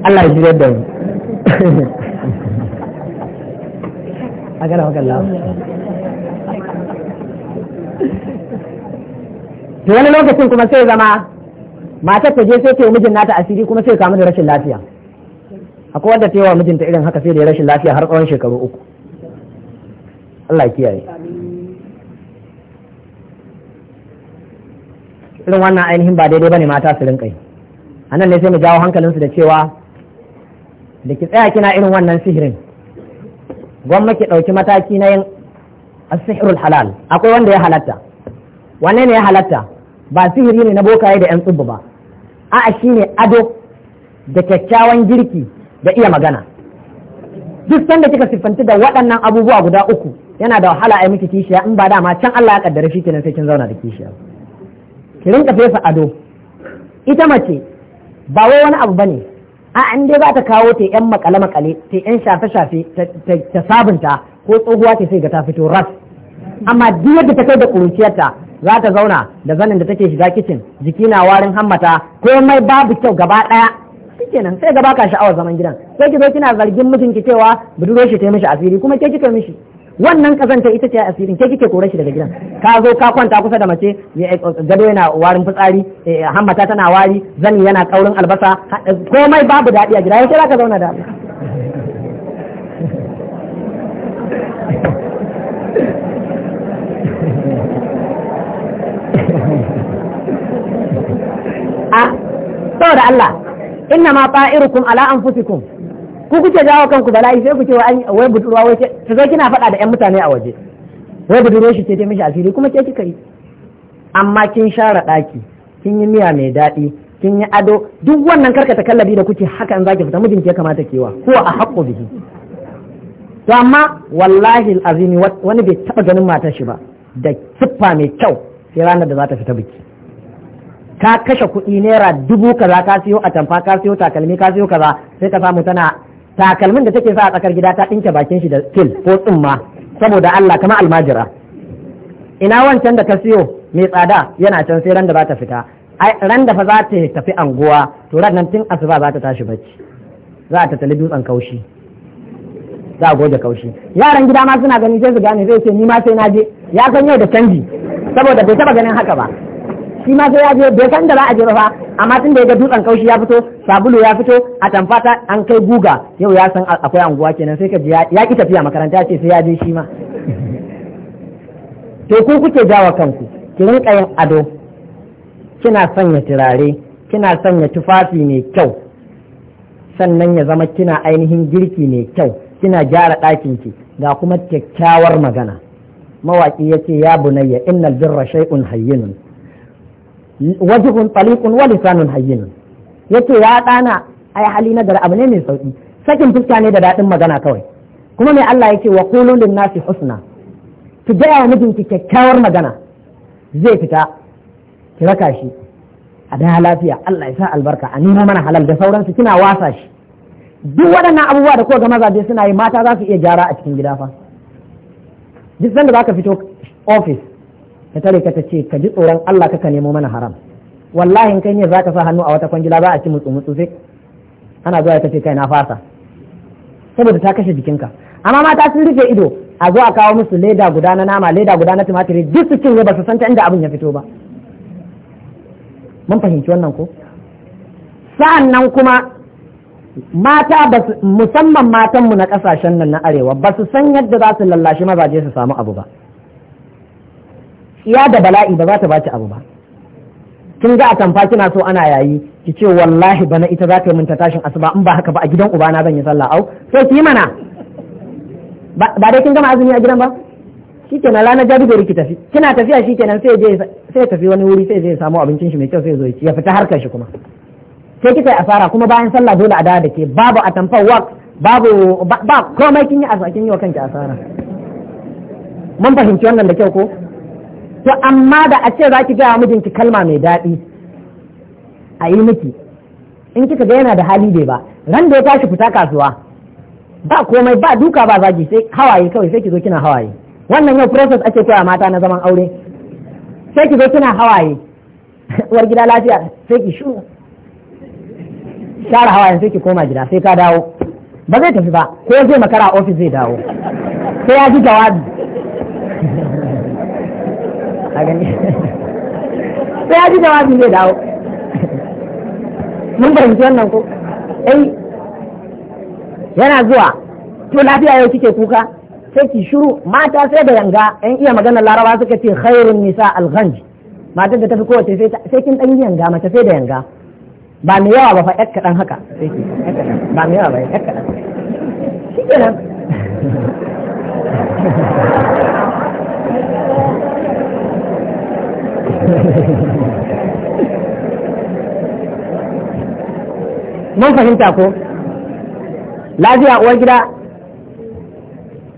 Allah ya jira da mu a gana wakalla to wani lokacin kuma sai zama matar ta je sai ta yi mijin nata asiri kuma sai kamu da rashin lafiya akwai wadda ta yi wa mijinta irin haka sai da rashin lafiya har tsawon shekaru uku Allah ya kiyaye irin wannan ainihin ba daidai ba ne mata su rinka yi anan ne sai mu jawo hankalinsu da cewa da ki tsaya kina irin wannan sihirin gwamma ki ɗauki mataki na yin asihirul halal akwai wanda ya halatta wanne ne ya halatta ba sihiri ne na bokaye da 'yan tsubu ba a'a shi ne ado da kyakkyawan girki da iya magana duk sanda kika siffanci da waɗannan abubuwa guda uku yana da wahala a miki kishiya in ba dama can Allah ya kaddara shi kenan sai kin zauna da kishiya ki rinka fesa ado ita mace ba wai wani abu bane a an dai ba ta kawo ta yan makale makale ta yan shafe shafe ta sabunta ko tsohuwa ta sai ga ta fito ras amma duk yadda ta kai da kuruciyarta za ta zauna da zanin da take shiga kicin jiki na warin hammata komai babu kyau gaba daya nan, sai gaba ka sha'awar zaman gidan sai ki zo kina zargin mijinki cewa budurwar shi ta mishi asiri kuma ke kika mishi wannan kazanta ita ce asirin ke kike kore shi daga gidan ka zo ka kwanta kusa da mace eh, gado yana warin fitsari eh, hammata tana wari zani yana kaurin albasa eh, komai babu daɗi a gida yau sai ka zauna da a ah, saboda Allah inna ma fa'irukum ala anfusikum ku kuke jawo kanku bala'i sai ku ce wai budurwa wai ta sai kina faɗa da 'yan mutane a waje wai budurwa shi ce ta mishi asiri kuma ke kika yi amma kin share ɗaki kin yi miya mai daɗi kin yi ado duk wannan karkata kallabi da kuke haka in zaki fita mijinki ya kamata wa ko a haƙƙo biki to amma wallahi azimi wani bai taɓa ganin matar shi ba da siffa mai kyau sai ranar da za ta fita biki ka kashe kuɗi naira dubu kaza ka siyo atamfa ka siyo takalmi ka siyo kaza sai ka samu tana takalmin da take sa a tsakar gida ta ɗinke bakin shi da fil ko tsumma saboda Allah kamar almajira ina wancan da ka siyo mai tsada yana can sai ran da za ta fita ran da fa za ta tafi anguwa to ran nan tun asuba za ta tashi bacci za ta tali dutsen kaushi za a goge kaushi yaran gida ma suna gani sai su gane zai ce ni ma sai na je ya san yau da canji saboda bai taba ganin haka ba shi ma sai ya je bai san da za a je ba amma tun da ya ga dutsen kaushi ya fito sabulu ya fito a tamfata an kai guga yau ya san akwai anguwa kenan sai ka ji ya ki tafiya makaranta ce sai ya je shi ma to ku kuke jawa kanku ki rinka yin ado kina sanya turare kina sanya tufafi mai kyau sannan ya zama kina ainihin girki mai kyau kina gyara ɗakin ki, ga kuma kyakkyawar magana mawaƙi ya ya bunayya innal birra shay'un hayyinun wajibun taliqun wa lisanun hayyin yace ya dana ai hali na abu ne mai sauki sakin fuska ne da dadin magana kawai kuma mai Allah yake wa qulu lin nasi husna ki gaya wa mijinki kyakkyawar magana zai fita ki raka shi a da lafiya Allah ya sa albarka a nuna mana halal da sauransu kina wasa shi duk waɗannan abubuwa da kowa ga mazaje suna yi mata za su iya gyara a cikin gida fa duk sanda za fito ofis ta tare ka ta ce ka ji tsoron Allah ka nemo mana haram wallahi in kai ne zaka sa hannu a wata kwangila za a ci mutsu mutsu sai ana zuwa ta ce kai na fasa saboda ta kashe jikinka amma mata sun rufe ido a zo a kawo musu leda guda na nama leda guda na tumatiri duk su cinye ba su san ta inda abin ya fito ba mun fahimci wannan ko sa'an kuma mata musamman matanmu na kasashen nan na arewa ba su san yadda za su lallashi mazaje su samu abu ba iya da bala'i ba za ta baki abu ba kin ga tamfa kina so ana yayi ki ce wallahi bana ita za ta yi min ta tashin asuba in ba haka ba a gidan ubana zan yi sallah au sai ki mana ba dai kin gama azumi a gidan ba shikenan rana jadugo ki tafi kina tafiya shikenan sai je sai tafi wani wuri sai je samu abincin shi mai kyau sai zo ya fita harkar shi kuma sai kika yi asara kuma bayan sallah dole a dawo da ke babu a tamfa work babu ba komai kin yi asara kin yi wa kanki asara mun fahimci wannan da kyau ko to amma da a ce za ki gaya mijinki kalma mai daɗi a yi miki in kika ga yana da hali bai ba ran da ya tashi fita kasuwa ba komai ba duka ba zagi sai hawaye kawai sai ki zo kina hawaye wannan yau process ake koya mata na zaman aure sai ki zo kina hawaye uwar gida lafiya sai ki shu share hawayen sai ki koma gida sai ka dawo ba zai tafi ba ko zai makara ofis zai dawo sai ya ji jawabi a gani sai ya ji jawabi zai dawo mun fahimci wannan ko ai yana zuwa to lafiya yau kike kuka sai ki shiru mata sai da yanga yan iya maganar laraba suka ce khairun nisa alghanj matar da tafi kowace sai kin dan yanga mace sai da yanga ba mai yawa ba fa yak kaɗan haka sai ba mai yawa ba yak kadan shikenan mun fahimta ko lafiya uwar gida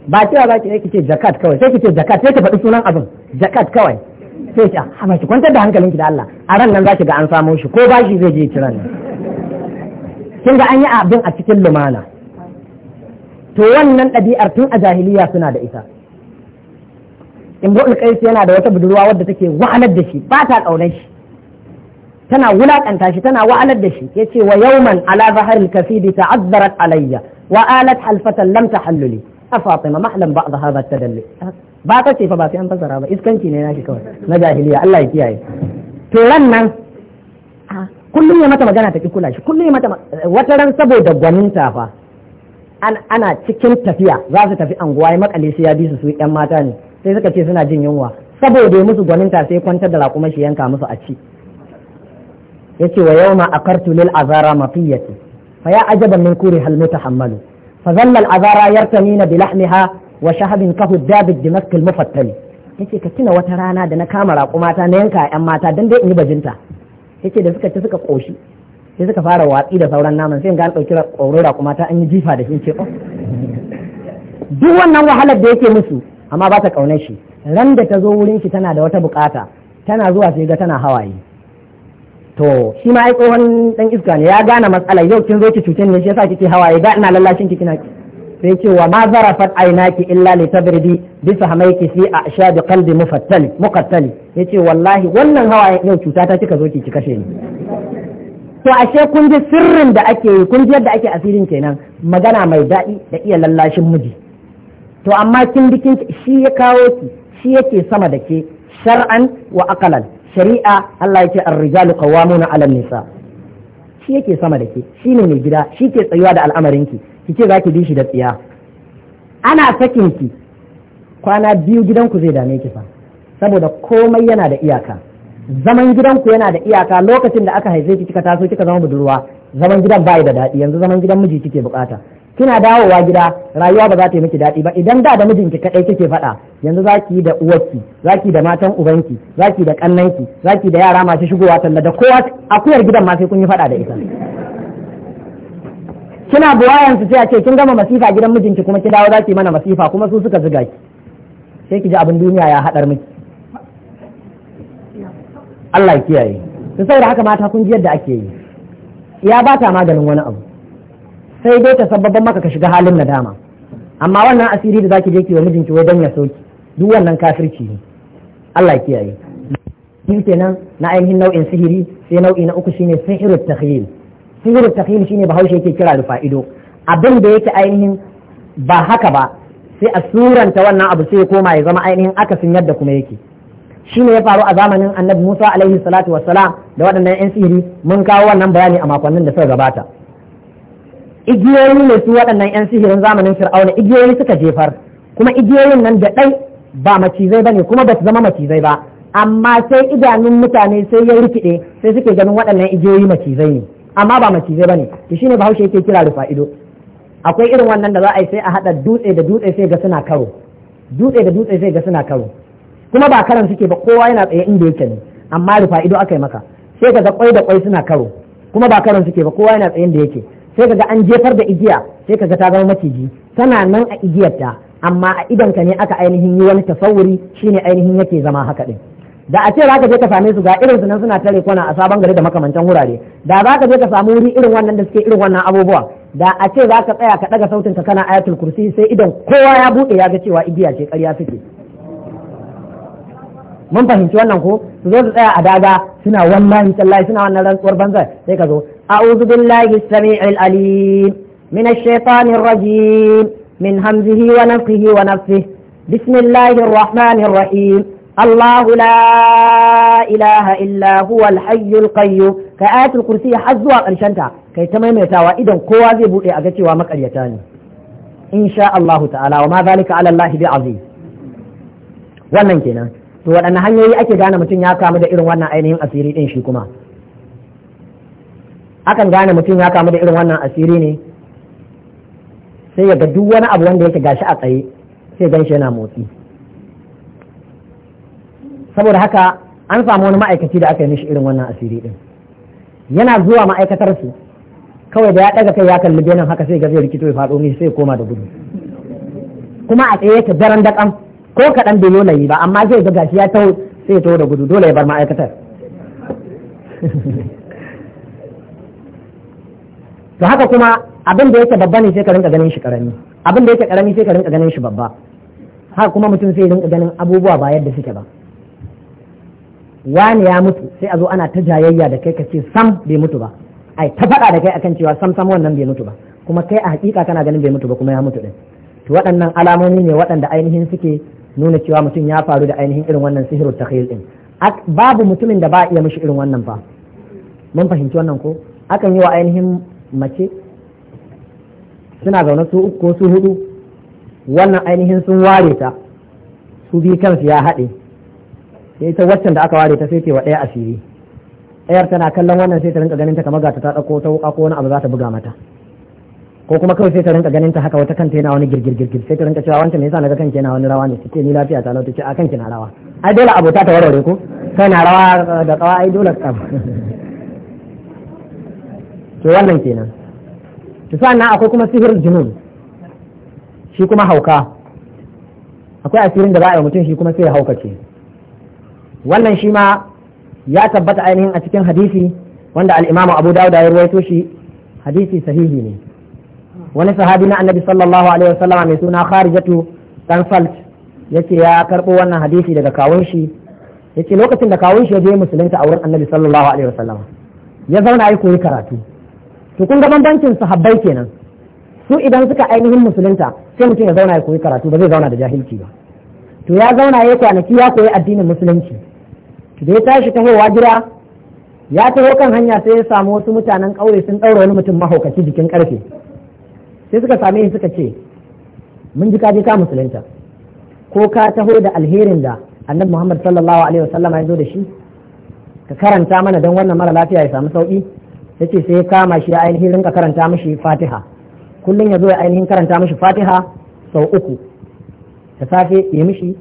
ba cewa ba ki ki ce zakat kawai sai ki ce zakat sai ki faɗi sunan abin zakat kawai sai ki a ah, ba ki kwantar da hankalinki da Allah a ran nan za ki ga an samo shi ko bashi zai je kiran nan kin ga an yi abin a cikin lumana to wannan ɗabi'ar tun a jahiliya suna da ita in imrul qais yana da wata budurwa wadda take wa'anar da shi ba ta kaunar shi tana wulakanta shi tana wa'anar da shi yace wa yawman ala zahril kafidi ta'azzarat alayya wa alat halfatan lam tahalluli a fatima mahlam ba'd ta dalle ba ta ce fa ba sai an fasara ba iskanci ne nashi kawai na jahiliya Allah ya kiyaye to nan kullum ya mata magana ta ki kula shi kullum ya mata wata ran saboda gwaninta fa ana cikin tafiya za su tafi anguwa ya makale shi ya bi su su yan mata ne sai suka ce suna jin yunwa saboda musu gwaninta sai kwantar da raƙuma shi yanka musu a ci Ya ce wa yau a kartu lil azara mafiyati fa ya ajaba min kuri hal mutahammalu fa zalla al azara nina bi lahmiha wa shahabin kahu dabid dimask al mufattali ce ka tuna wata rana da na kama raƙumata na yanka 'yan mata dan dai in yi bajinta Ya ce da suka ci suka koshi sai suka fara watsi da sauran naman sai ga an ɗauki ƙoro raƙuma ta an yi jifa da shi ce oh. duk wannan wahalar da yake musu amma ba ta kaunar shi ran da ta zo wurin shi tana da wata bukata tana zuwa sai ga tana hawaye to shi ma ai tsohon dan iska ne ya gane matsala, yau kin zo ki cutin ne shi yasa kike hawaye da ina lallashin ki kina sai ce wa ma zarafat aynaki illa li tabridi bi fahmayki fi ashab qalbi mufattal muqattal yace wallahi wannan hawaye yau cuta ta kika zo ki ki kashe ni to ashe kun ji sirrin da ake yi kun ji yadda ake asirin kenan magana mai daɗi da iya lallashin miji to amma kin bikin shi ya kawo ki shi yake sama da ke shar'an wa aqalan shari'a Allah ya ce ar-rijalu qawwamuna 'ala nisa shi yake sama da ke shi ne mai gida shi ke tsayuwa da al'amarin ki ce zaki bi shi da tsiya ana sakin ki kwana biyu gidanku zai dame ki fa saboda komai yana da iyaka zaman ku yana da iyaka lokacin da aka haife ki kika taso kika zama budurwa zaman gidan bai da daɗi yanzu zaman gidan miji kike bukata kina dawowa gida rayuwa ba za ta yi miki daɗi ba idan da da mijinki kaɗai kike faɗa yanzu za zaki da uwarki za yi da matan ubanki za yi da ƙannanki, ki yi da yara masu shigowa talla da kowa akuyar gidan ma sai kun yi faɗa da ita kina buwayan su sai a ce kin gama masifa gidan mijinki kuma ki dawo za zaki mana masifa kuma su suka zuga ki sai ki ji abin duniya ya haɗar miki Allah ya kiyaye sai da haka mata kun ji yadda ake yi ya ba ta maganin wani abu sai dai ta sababban maka ka shiga halin nadama amma wannan asiri da zaki je ki wa mijinki wai dan ya soki duk wannan kafirci ne Allah ya kiyaye biyu kenan na ainihin nau'in sihiri sai nau'i na uku shine sihirut takhyil sihirut takhyil shine bahaushe yake kira da fa'ido abin da yake ainihin ba haka ba sai a suranta wannan abu sai ya koma ya zama ainihin akasin yadda kuma yake shi ne ya faru a zamanin annabi Musa alaihi salatu wassalam da waɗannan 'yan sihiri mun kawo wannan bayani a makonnin da suka gabata igiyoyi ne su waɗannan 'yan sihirin zamanin fir'auna igiyoyi suka jefar kuma igiyoyin nan da ɗai ba macizai ba ne kuma ba su zama macizai ba amma sai idanun mutane sai ya rikide sai suke ganin waɗannan igiyoyi macizai ne amma ba macizai ba ne to shine bahaushe yake kira da fa'ido akwai irin wannan da za a yi sai a haɗa dutse da dutse sai ga suna karo dutse da dutse sai ga suna karo kuma ba karan suke ba kowa yana tsaye inda yake ne amma rufa ido aka yi maka sai ka ga kwai da kwai suna karo kuma ba karan suke ba kowa yana tsaye inda yake sai kaga an jefar da igiya sai kaga ta zama maciji tana nan a igiyar ta amma a idan ka ne aka ainihin yi wani tasawuri shine ainihin yake zama haka din da a ce za ka je ka same su ga irin su nan suna tare kwana a sabon gari da makamantan wurare da za ka je ka samu wuri irin wannan da suke irin wannan abubuwa da a ce za ka tsaya ka daga sautin ka kana ayatul kursi sai idan kowa ya bude ya ga cewa igiya ce ƙarya suke mun fahimci wannan ko su zo su tsaya a daga suna wallahi tallahi suna wannan rantsuwar banza sai ka zo a'udhu billahi samii'il alim minash shaitanir rajim min hamzihi wa nafthihi wa nafthihi bismillahir rahmanir rahim الله لا إله إلا هو الحي القيوم كآية الكرسي حزوا قرشنتا كي تمام يتاوى إذن قوى بوئي أغتي ومقريتان إن شاء الله تعالى وما ذلك على الله بعظيم ومن كنا to waɗanne hanyoyi ake gane mutum ya kamu da irin wannan ainihin asiri ɗin shi kuma akan gane mutum ya kamu da irin wannan asiri ne sai ya duk wani abu wanda yake gashi a tsaye sai gan shi yana motsi saboda haka an samu wani ma'aikaci da aka yi mishi irin wannan asiri ɗin yana zuwa ma'aikatar su kawai da ya ɗaga kai ya kalli benin haka sai ga zai rikito ya faɗo mishi sai koma da gudu kuma a tsaye yake daren daƙan? ko kaɗan bai nuna yi ba amma zai ga gashi ya taho sai ya taho da gudu dole ya bar ma'aikatar to haka kuma abin da yake babba ne sai ka rinka ganin shi karami abin da yake karami sai ka rinka ganin shi babba haka kuma mutum sai rinka ganin abubuwa ba yadda suke ba wani ya mutu sai a zo ana ta jayayya da kai ka ce sam bai mutu ba ai ta faɗa da kai akan cewa sam sam wannan bai mutu ba kuma kai a hakika kana ganin bai mutu ba kuma ya mutu din to waɗannan alamomi ne waɗanda ainihin suke nuna cewa mutum ya faru da ainihin irin wannan sihirin ta din babu mutumin da ba iya mishi irin wannan fa mun fahimci wannan ko akan yi wa ainihin mace suna zaune su uku ko su hudu wannan ainihin sun ware ta su bi kansu ya haɗe sai ta waccan da aka ware ta sai ce wa ɗaya asiri ɗayar tana kallon wannan sai ta rinka ganin ta kamar gata ta ɗauko ta wuka ko wani abu za ta buga mata ko kuma kawai sai ta rinka ganin ta haka wata kanta yana wani girgir girgir sai ta rinka cewa wancan me yasa naga kanki yana wani rawa ne ce ni lafiya ta lauta ce a kanki na rawa ai dole abota ta warware ko kai na rawa da kawa ai dole ka to wannan kenan to sannan akwai kuma sihir junun shi kuma hauka akwai asirin da za a yi mutum shi kuma sai ya haukace wannan shi ma ya tabbata ainihin a cikin hadisi wanda al-imamu abu dawud ya rawaito shi hadisi sahihi ne wani sahabi na annabi sallallahu alaihi wasallama mai suna kharijatu dan salt yace ya karbo wannan hadisi daga kawun shi yace lokacin da kawun shi ya je musulunta a wurin annabi sallallahu alaihi wasallama ya zauna ai koyi karatu to kun ga bambancin sahabbai kenan su idan suka ainihin musulunta sai mutum ya zauna ya koyi karatu ba zai zauna da jahilci ba to ya zauna ya kwanaki ya koyi addinin musulunci to da ya tashi tahowa gida ya taho kan hanya sai ya samu wasu mutanen ƙaure sun ɗaura wani mutum mahaukaci jikin ƙarfe sai suka same shi suka ce mun ji kaje ka musulunta ko ka taho da alherin da annabi Muhammad sallallahu alaihi wasallam ya zo da shi ka karanta mana dan wannan mara lafiya ya samu sauki yace sai ya kama shi ya ainihin rinka karanta mishi Fatiha kullum ya zo ya ainihin karanta mishi Fatiha sau uku da safe ya mishi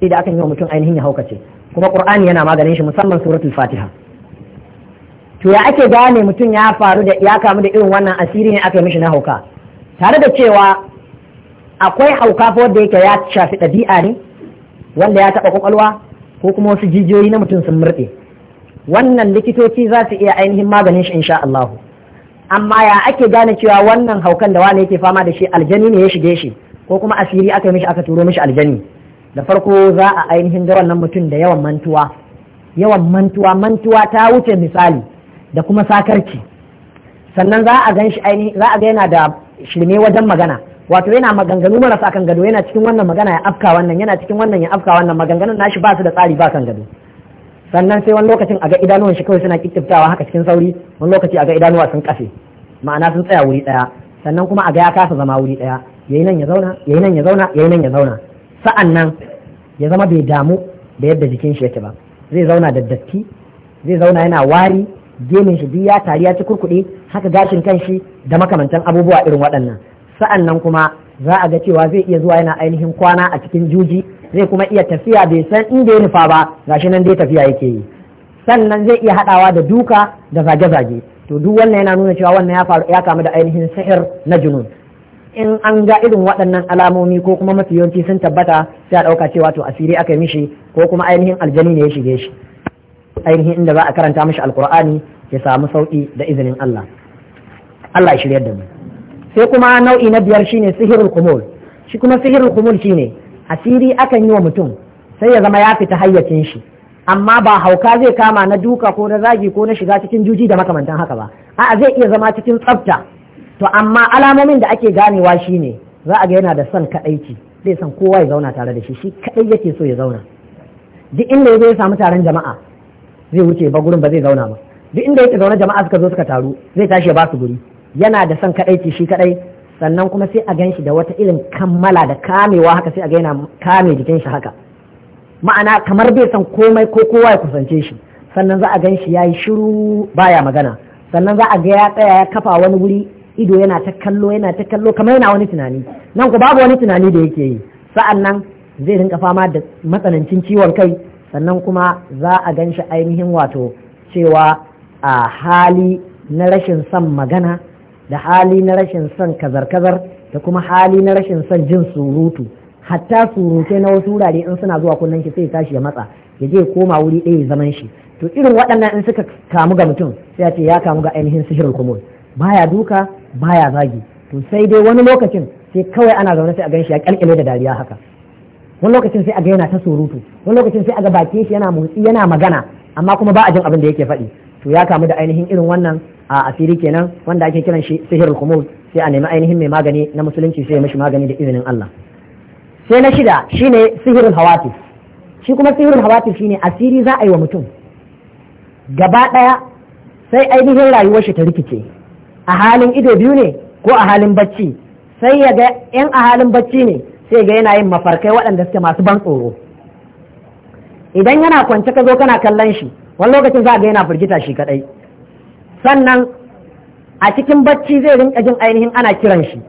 sai da akan yi wa mutum ainihin ya haukace kuma Qur'ani yana maganin shi musamman suratul Fatiha to ya ake gane mutum ya faru da ya kamu da irin wannan asiri ne aka yi mishi na hauka tare da cewa akwai hauka ko wanda yake ya shafi ɗabi'a ne wanda ya taɓa kwakwalwa ko kuma wasu jijiyoyi na mutum sun murɗe wannan likitoci za su iya ainihin maganin shi insha Allah amma ya ake gane cewa wannan haukan da wani yake fama da shi aljani ne ya shige shi ko kuma asiri aka yi mishi aka turo mishi aljani da farko za a ainihin ga wannan mutum da yawan mantuwa yawan mantuwa mantuwa ta wuce misali da kuma sakarci sannan za a gan shi aini za a ga yana da shirme wajen magana wato yana maganganu marasa kan gado yana cikin wannan magana ya afka wannan yana cikin wannan ya afka wannan maganganun nashi ba su da tsari ba kan gado sannan sai wani lokacin a ga idanuwan shi kawai suna kikkiftawa haka cikin sauri wani lokaci a ga idanuwa sun kafe ma'ana sun tsaya wuri daya sannan kuma a ga ya kasa zama wuri daya yayi nan ya zauna yayi nan ya zauna yayi nan ya zauna sa'an nan ya zama bai damu da yadda jikin shi yake ba zai zauna da datti zai zauna yana wari gemin shi biya tari ya ci kurkuɗe haka gashin kanshi da makamantan abubuwa irin waɗannan sa'an nan kuma za a ga cewa zai iya zuwa yana ainihin kwana a cikin juji zai kuma iya tafiya bai san inda ya nufa ba gashi nan dai tafiya yake yi sannan zai iya haɗawa da duka da zage-zage to duk wannan yana nuna cewa wannan ya faru ya kamu da ainihin sihir na junun in an ga irin waɗannan alamomi ko kuma mafi yawanci sun tabbata sai a ɗauka cewa to asiri aka yi mishi ko kuma ainihin aljani ne ya shige shi ainihin inda za a karanta mashi alkur'ani ya samu sauƙi da izinin Allah Allah ya shiryar da mu sai kuma nau'i na biyar shine sihirul kumul shi kuma sihirul kumul shine asiri akan yi wa mutum sai ya zama ya fita hayyacin shi amma ba hauka zai kama na duka ko na zagi ko na shiga cikin juji da makamantan haka ba a'a zai iya zama cikin tsafta to amma alamomin da ake ganewa shine za a ga yana da son kadaici zai san kowa ya zauna tare da shi shi kaɗai yake so ya zauna duk inda ya zo ya samu taron jama'a zai wuce ba gurin ba zai zauna ba duk inda yake zaune jama'a suka zo suka taru zai tashi ba su guri yana da son kadai shi kadai sannan kuma sai a gan shi da wata irin kammala da kamewa haka sai a ga yana kame jikin shi haka ma'ana kamar bai san komai ko kowa ya kusance shi sannan za a gan shi yayi shiru baya magana sannan za a ga ya tsaya ya kafa wani wuri ido yana ta kallo yana ta kallo kamar yana wani tunani nan ku babu wani tunani da yake yi sa'an nan zai rinka fama da matsanancin ciwon kai sannan kuma za a gan shi ainihin wato cewa a hali na rashin son magana da hali na rashin son kazar-kazar da kuma hali na rashin son jin surutu hatta surutai na wasu wurare in suna zuwa kunnen shi sai tashi ya matsa ya je koma wuri ɗaya zaman shi to irin waɗannan in suka kamu ga mutum sai ya ce ya kamu ga ainihin sihirin kumul baya duka baya zagi to sai dai wani lokacin sai kawai ana zaune sai a ganshi ya kyalkyale da dariya haka wani lokacin sai aga yana ta surutu wani lokacin sai aga ga bakin shi yana motsi yana magana amma kuma ba a jin abin da yake faɗi to ya kamu da ainihin irin wannan a asiri kenan wanda ake kiran shi sihirul khumul sai a nemi ainihin mai magani na musulunci sai ya mishi magani da izinin Allah sai na shida shine sihirul hawati shi kuma sihirul hawati shine asiri za a yi wa mutum gaba ɗaya sai ainihin rayuwar shi ta rikice a halin ido biyu ne ko a halin bacci sai ya ga yan a halin bacci ne sai ga yana yin mafarkai waɗanda suke masu ban tsoro idan yana kwance ka zo kana kallon shi wani lokacin za ga yana firgita shi kaɗai. sannan a cikin bacci zai rinka jin ainihin ana kiran shi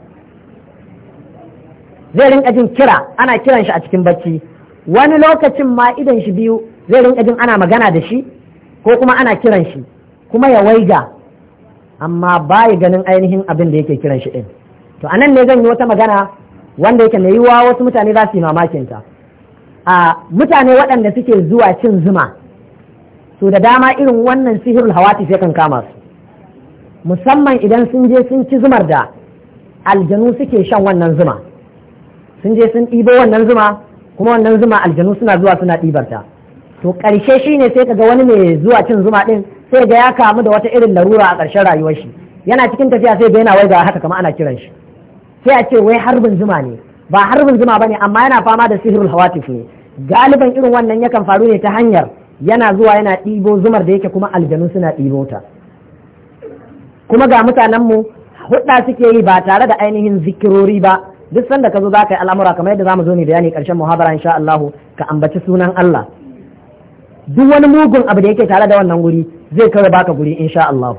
zai rinka jin kira ana kiran shi a cikin bacci wani lokacin ma idan shi biyu zai rinka jin ana magana da shi ko kuma ana kiran shi kuma ya waiga amma ba ganin ainihin abin da yake kiran shi ɗin. to anan ne zan yi wata magana wanda yake mai yiwuwa wasu mutane za su yi mamakin ta a mutane waɗanda suke zuwa cin zuma su da dama irin wannan sihirul hawati sai kan kama su musamman idan sun je sun ci zumar da aljanu suke shan wannan zuma sun je sun ɗibo wannan zuma kuma wannan zuma aljanu suna zuwa suna ɗibarta to ƙarshe shine sai kaga wani mai zuwa cin zuma ɗin sai ga ya kamu da wata irin larura a ƙarshen rayuwar shi yana cikin tafiya sai ga yana ga haka kama ana kiran shi sai a ce wai harbin zuma ne ba harbin zuma bane amma yana fama da sihirul hawatif ne galiban irin wannan yakan faru ne ta hanyar yana zuwa yana ɗibo zumar da yake kuma aljanu suna ɗibo ta kuma ga mutanen mutanenmu hudda suke yi ba tare da ainihin zikirori ba duk sanda ka zo za ka yi al'amura kamar yadda za mu zo ne bayani ƙarshen muhabara insha Allah ka ambaci sunan Allah duk wani mugun abu da yake tare da wannan guri zai kawai baka guri insha Allah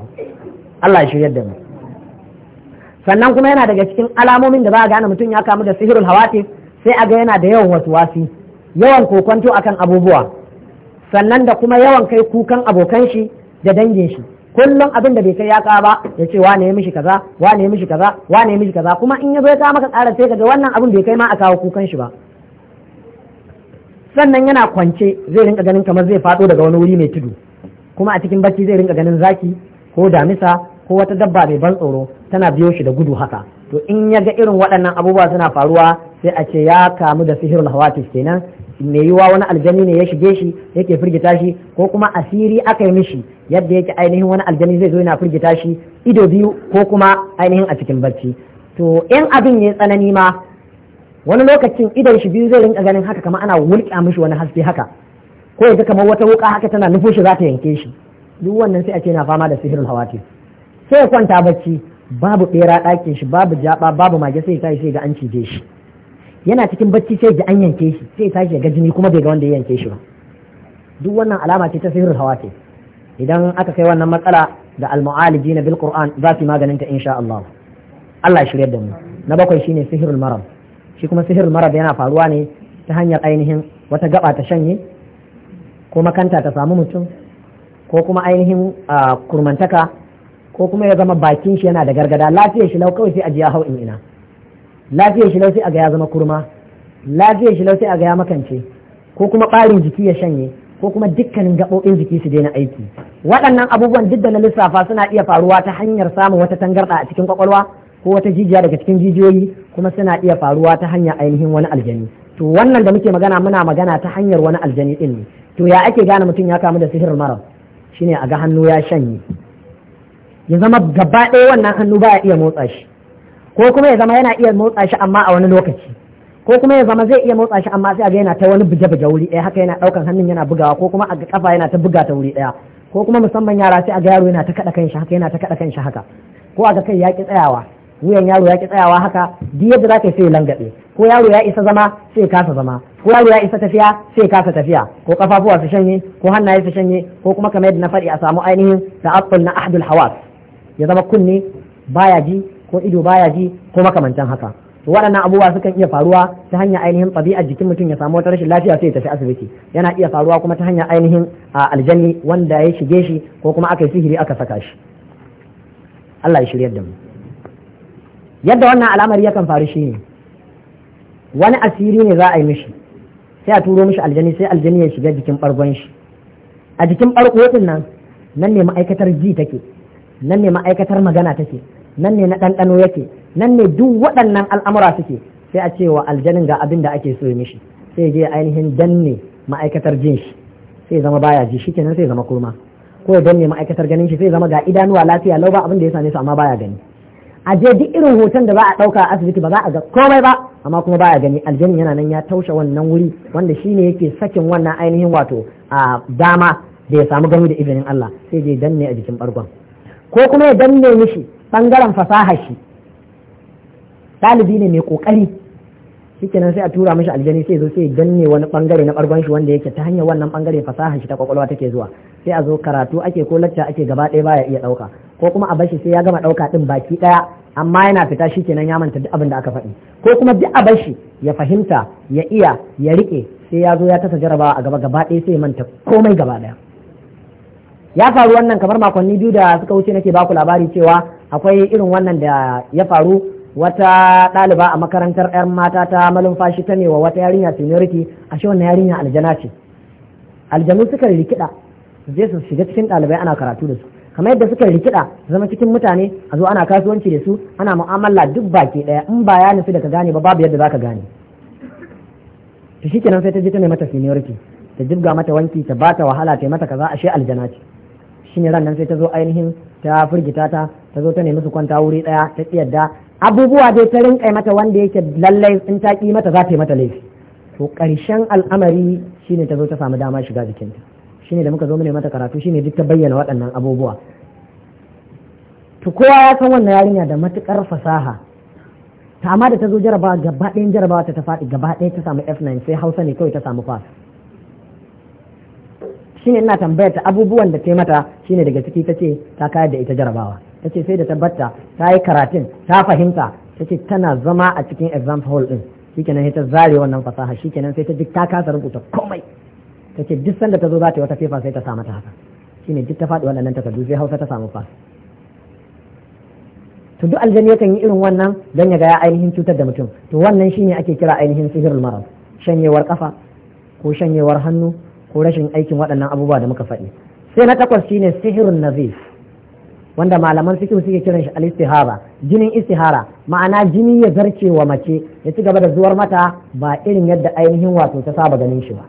Allah ya shiryar da mu sannan kuma yana daga cikin alamomin da za a gane mutum ya kamu da sihirul hawatif sai a ga yana da yawan wasu wasi, yawan kokonto akan abubuwa sannan da kuma yawan kai kukan abokan shi da dangin shi kullum abin da bai kai ya kawo ba ya ce wane ya mishi kaza wane ya mishi kaza wane ya mishi kaza kuma in ya zo ya kawo maka tsara sai kaga wannan abin bai kai ma a kawo kukan shi ba sannan yana kwance zai rinka ganin kamar zai faɗo daga wani wuri mai tudu kuma a cikin bacci zai rinka ganin zaki ko damisa ko wata dabba mai ban tsoro tana biyo shi da gudu haka to in ya ga irin waɗannan abubuwa suna faruwa sai a ce ya kamu da sihirul hawatif kenan mai yiwa wani aljani ne ya shige shi yake firgita shi ko kuma asiri aka yi mishi yadda yake ainihin wani aljani zai zo yana firgita shi ido biyu ko kuma ainihin a cikin barci to in abin ya tsanani ma wani lokacin idon shi biyu zai rinka ganin haka kamar ana wulƙa mishi wani haske haka ko yanzu kamar wata wuka haka tana nufo shi za ta yanke shi duk wannan sai a ce na fama da sihirul hawatif sai ya kwanta bacci babu bera ɗakin shi babu jaba babu mage sai ya tashi sai ga an cije shi yana cikin bacci sai ga an yanke shi sai ya tashi jini kuma bai ga wanda ya yanke shi ba duk wannan alama ce ta sihir hawa ce idan aka kai wannan matsala da almu'aliji na bil qur'an za su maganinta insha Allah Allah ya shirya da mu na bakwai shine sihirul marab shi kuma sihirul marab yana faruwa ne ta hanyar ainihin wata gaba ta shanye ko makanta ta samu mutum ko kuma ainihin ah, kurmantaka ko kuma ya zama bakin shi yana da gargada lafiyar shi lau kawai sai a ji hau in ina lafiyar shi lau sai a ga ya zama kurma lafiyar shi lau sai a ga ya makance ko kuma ɓarin jiki ya shanye ko kuma dukkanin gaɓoɓin jiki su daina aiki waɗannan abubuwan duk da na lissafa suna iya faruwa ta hanyar samun wata tangarɗa a cikin kwakwalwa ko wata jijiya daga cikin jijiyoyi kuma suna iya faruwa ta hanyar ainihin wani aljani to wannan da muke magana muna magana ta hanyar wani aljani din ne to ya ake gane mutum ya kamu da sihirin mara shine a ga hannu ya shanye ya zama gaba ɗaya wannan hannu ba ya iya motsa shi ko kuma ya zama yana iya motsa shi amma a wani lokaci ko kuma ya zama zai iya motsa shi amma sai a ga yana ta wani buge-buge wuri ɗaya haka yana ɗaukan hannun yana bugawa ko kuma a ga kafa yana ta buga ta wuri ɗaya ko kuma musamman yara sai a ga yaro yana ta kaɗa kanshi haka yana ta kaɗa kanshi haka ko a ga kai ya ki tsayawa wuyan yaro ya ki tsayawa haka duk yadda zaka sai langaɗe ko yaro ya isa zama sai ya kasa zama ko yaro ya isa tafiya sai ya kasa tafiya ko kafafuwa su shanye ko hannaye su shanye ko kuma kamar yadda na faɗi a samu ainihin da na ahdul hawas ya zama kunne baya ji ko ido baya ji ko makamantan haka to waɗannan abubuwa sukan iya faruwa ta hanyar ainihin ɗabi'ar jikin mutum ya samu wata rashin lafiya sai ya tafi asibiti yana iya faruwa kuma ta hanyar ainihin aljanni wanda ya shige shi ko kuma aka yi sihiri aka saka shi Allah ya shiryar da mu yadda wannan al'amari yakan faru shi ne wani asiri ne za a yi mishi sai a turo mishi aljanni, sai aljanni ya shiga jikin bargon shi a jikin barko nan nan ne ma'aikatar ji take nan ne ma'aikatar magana take nan ne na ɗanɗano yake nan ne duk waɗannan al'amura suke sai a cewa wa aljanin ga abin da ake so ya mishi sai je ainihin danne ma'aikatar jin shi sai zama baya ji shi kenan sai zama kurma ko ya danne ma'aikatar ganin shi sai zama ga idanuwa lafiya lau ba abin da ya same su amma baya gani a je duk irin hoton da za a ɗauka a asibiti ba za a ga komai ba amma kuma baya gani aljanin yana nan ya taushe wannan wuri wanda shi ne yake sakin wannan ainihin wato a dama da ya samu gani da izinin Allah sai je danne a jikin bargon ko kuma ya danne mishi bangaren fasaha shi ɗalibi ne mai kokari kenan sai a tura mishi aljani sai zo sai danne wani bangare na bargon shi wanda yake ta hanyar wannan bangare fasahar shi ta kwakwalwa take zuwa sai a zo karatu ake ko lacca ake gaba ɗaya baya iya ɗauka ko kuma a bashi sai ya gama ɗauka ɗin baki ɗaya amma yana fita shi kenan ya manta duk abin da aka faɗi ko kuma duk a bashi ya fahimta ya iya ya riƙe sai ya zo ya tasa jarabawa a gaba gaba ɗaya sai ya manta komai gaba ɗaya ya faru wannan kamar makonni biyu da suka wuce nake baku labari cewa akwai irin wannan da ya faru wata ɗaliba a makarantar 'yan mata ta malumfashi ta ne wa wata yarinya seniority a shi wannan yarinya aljana ce aljanu suka rikida je su shiga cikin ɗalibai ana karatu da su kamar yadda suka rikida zama cikin mutane a zo ana kasuwanci da su ana mu'amala duk baki ɗaya in ba ya nufi da ka gane ba babu yadda za ka gane shi kenan sai ta je ta mai mata seniority ta jibga mata wanki ta bata wahala ta mata kaza ashe aljana ce shine ran nan sai ta zo ainihin ta firgita ta ta zo ta nemi su kwanta wuri daya ta tsiyadda abubuwa dai ta rinƙa mata wanda yake lallai in ta ki mata za ta yi mata laifi to ƙarshen al'amari shine ta zo ta samu dama shiga jikinta shine da muka zo mune mata karatu shine duk ta bayyana waɗannan abubuwa to kowa ya san wannan yarinya da matukar fasaha ta amma da ta zo jarabawa gaba ɗayan jarabawa ta ta faɗi gaba ɗaya ta samu F9 sai Hausa ne kawai ta samu pass shine ina tambayar ta abubuwan da ta mata shine daga ciki ta ce ta kayar da ita jarabawa ta ce sai da tabbata ta yi karatun ta fahimta ta ce tana zama a cikin exam hall din shikenan sai ta zare wannan fasaha shikenan sai ta ji ta kasa rubuta komai ta ce duk sanda ta zo za ta yi wata fefa sai ta sa mata haka shine duk ta faɗi waɗannan takardu sai hausa ta samu fas to duk aljani yakan yi irin wannan dan ya ga ya ainihin cutar da mutum to wannan shine ake kira ainihin sihirul marar shanyewar kafa ko shanyewar hannu ko rashin aikin waɗannan abubuwa da muka faɗi sai na takwas shine sihirin nazif wanda malaman fikihu suke kiran shi al jinin istihara ma'ana jini ya zarce wa mace ya ci gaba da zuwar mata ba irin yadda ainihin wato ta saba ganin shi ba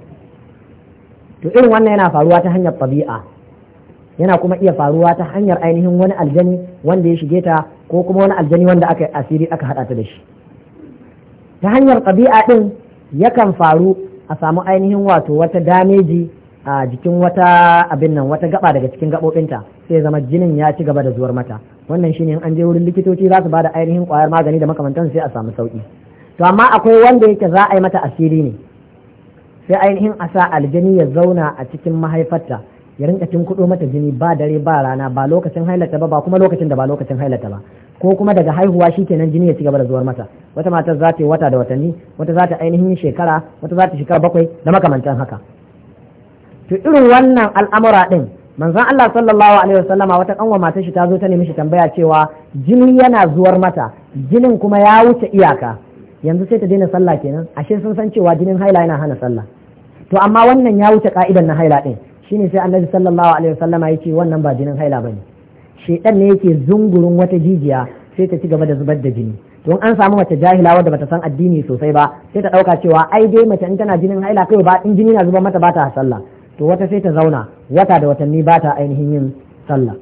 to irin wannan yana faruwa ta hanyar tabi'a yana kuma iya faruwa ta hanyar ainihin wani aljani wanda ya shige ta ko kuma wani aljani wanda aka asiri aka hada ta da shi ta hanyar tabi'a din yakan faru a samu ainihin wato wata dameji a jikin wata abin nan wata gaba daga cikin gabobinta sai zama jinin ya ci gaba da zuwar mata wannan shine in an je wurin likitoci za su bada ainihin kwayar magani da makamantan sai a samu sauki to amma akwai wanda yake za a yi mata asiri ne sai ainihin a sa aljani ya zauna a cikin mahaifarta ya rinka tun kudo mata jini ba dare ba rana ba lokacin hailata ba ba kuma lokacin da ba lokacin hailata ba ko kuma daga haihuwa shi kenan jini ya ci gaba da zuwar mata wata matar za ta yi wata da watanni wata za ta ainihin shekara wata za ta shekara bakwai da makamantan haka to irin wannan al'amura din manzon Allah sallallahu alaihi wasallama wata kanwa matar shi ta zo ta nemi shi tambaya cewa jini yana zuwar mata jinin kuma ya wuce iyaka yanzu sai ta daina sallah kenan ashe sun san cewa jinin haila yana hana sallah to amma wannan ya wuce ka'idan na haila din shine sai annabi sallallahu alaihi wasallama yace wannan ba jinin haila bane shedan ne yake zungurin wata jijiya sai ta ci gaba da zubar da jini to an samu mace jahila wadda bata san addini sosai ba sai ta dauka cewa ai dai mace in tana jinin haila kai ba in jini na zuba mata bata sallah to wata sai ta zauna wata da watanni bata ainihin yin sallah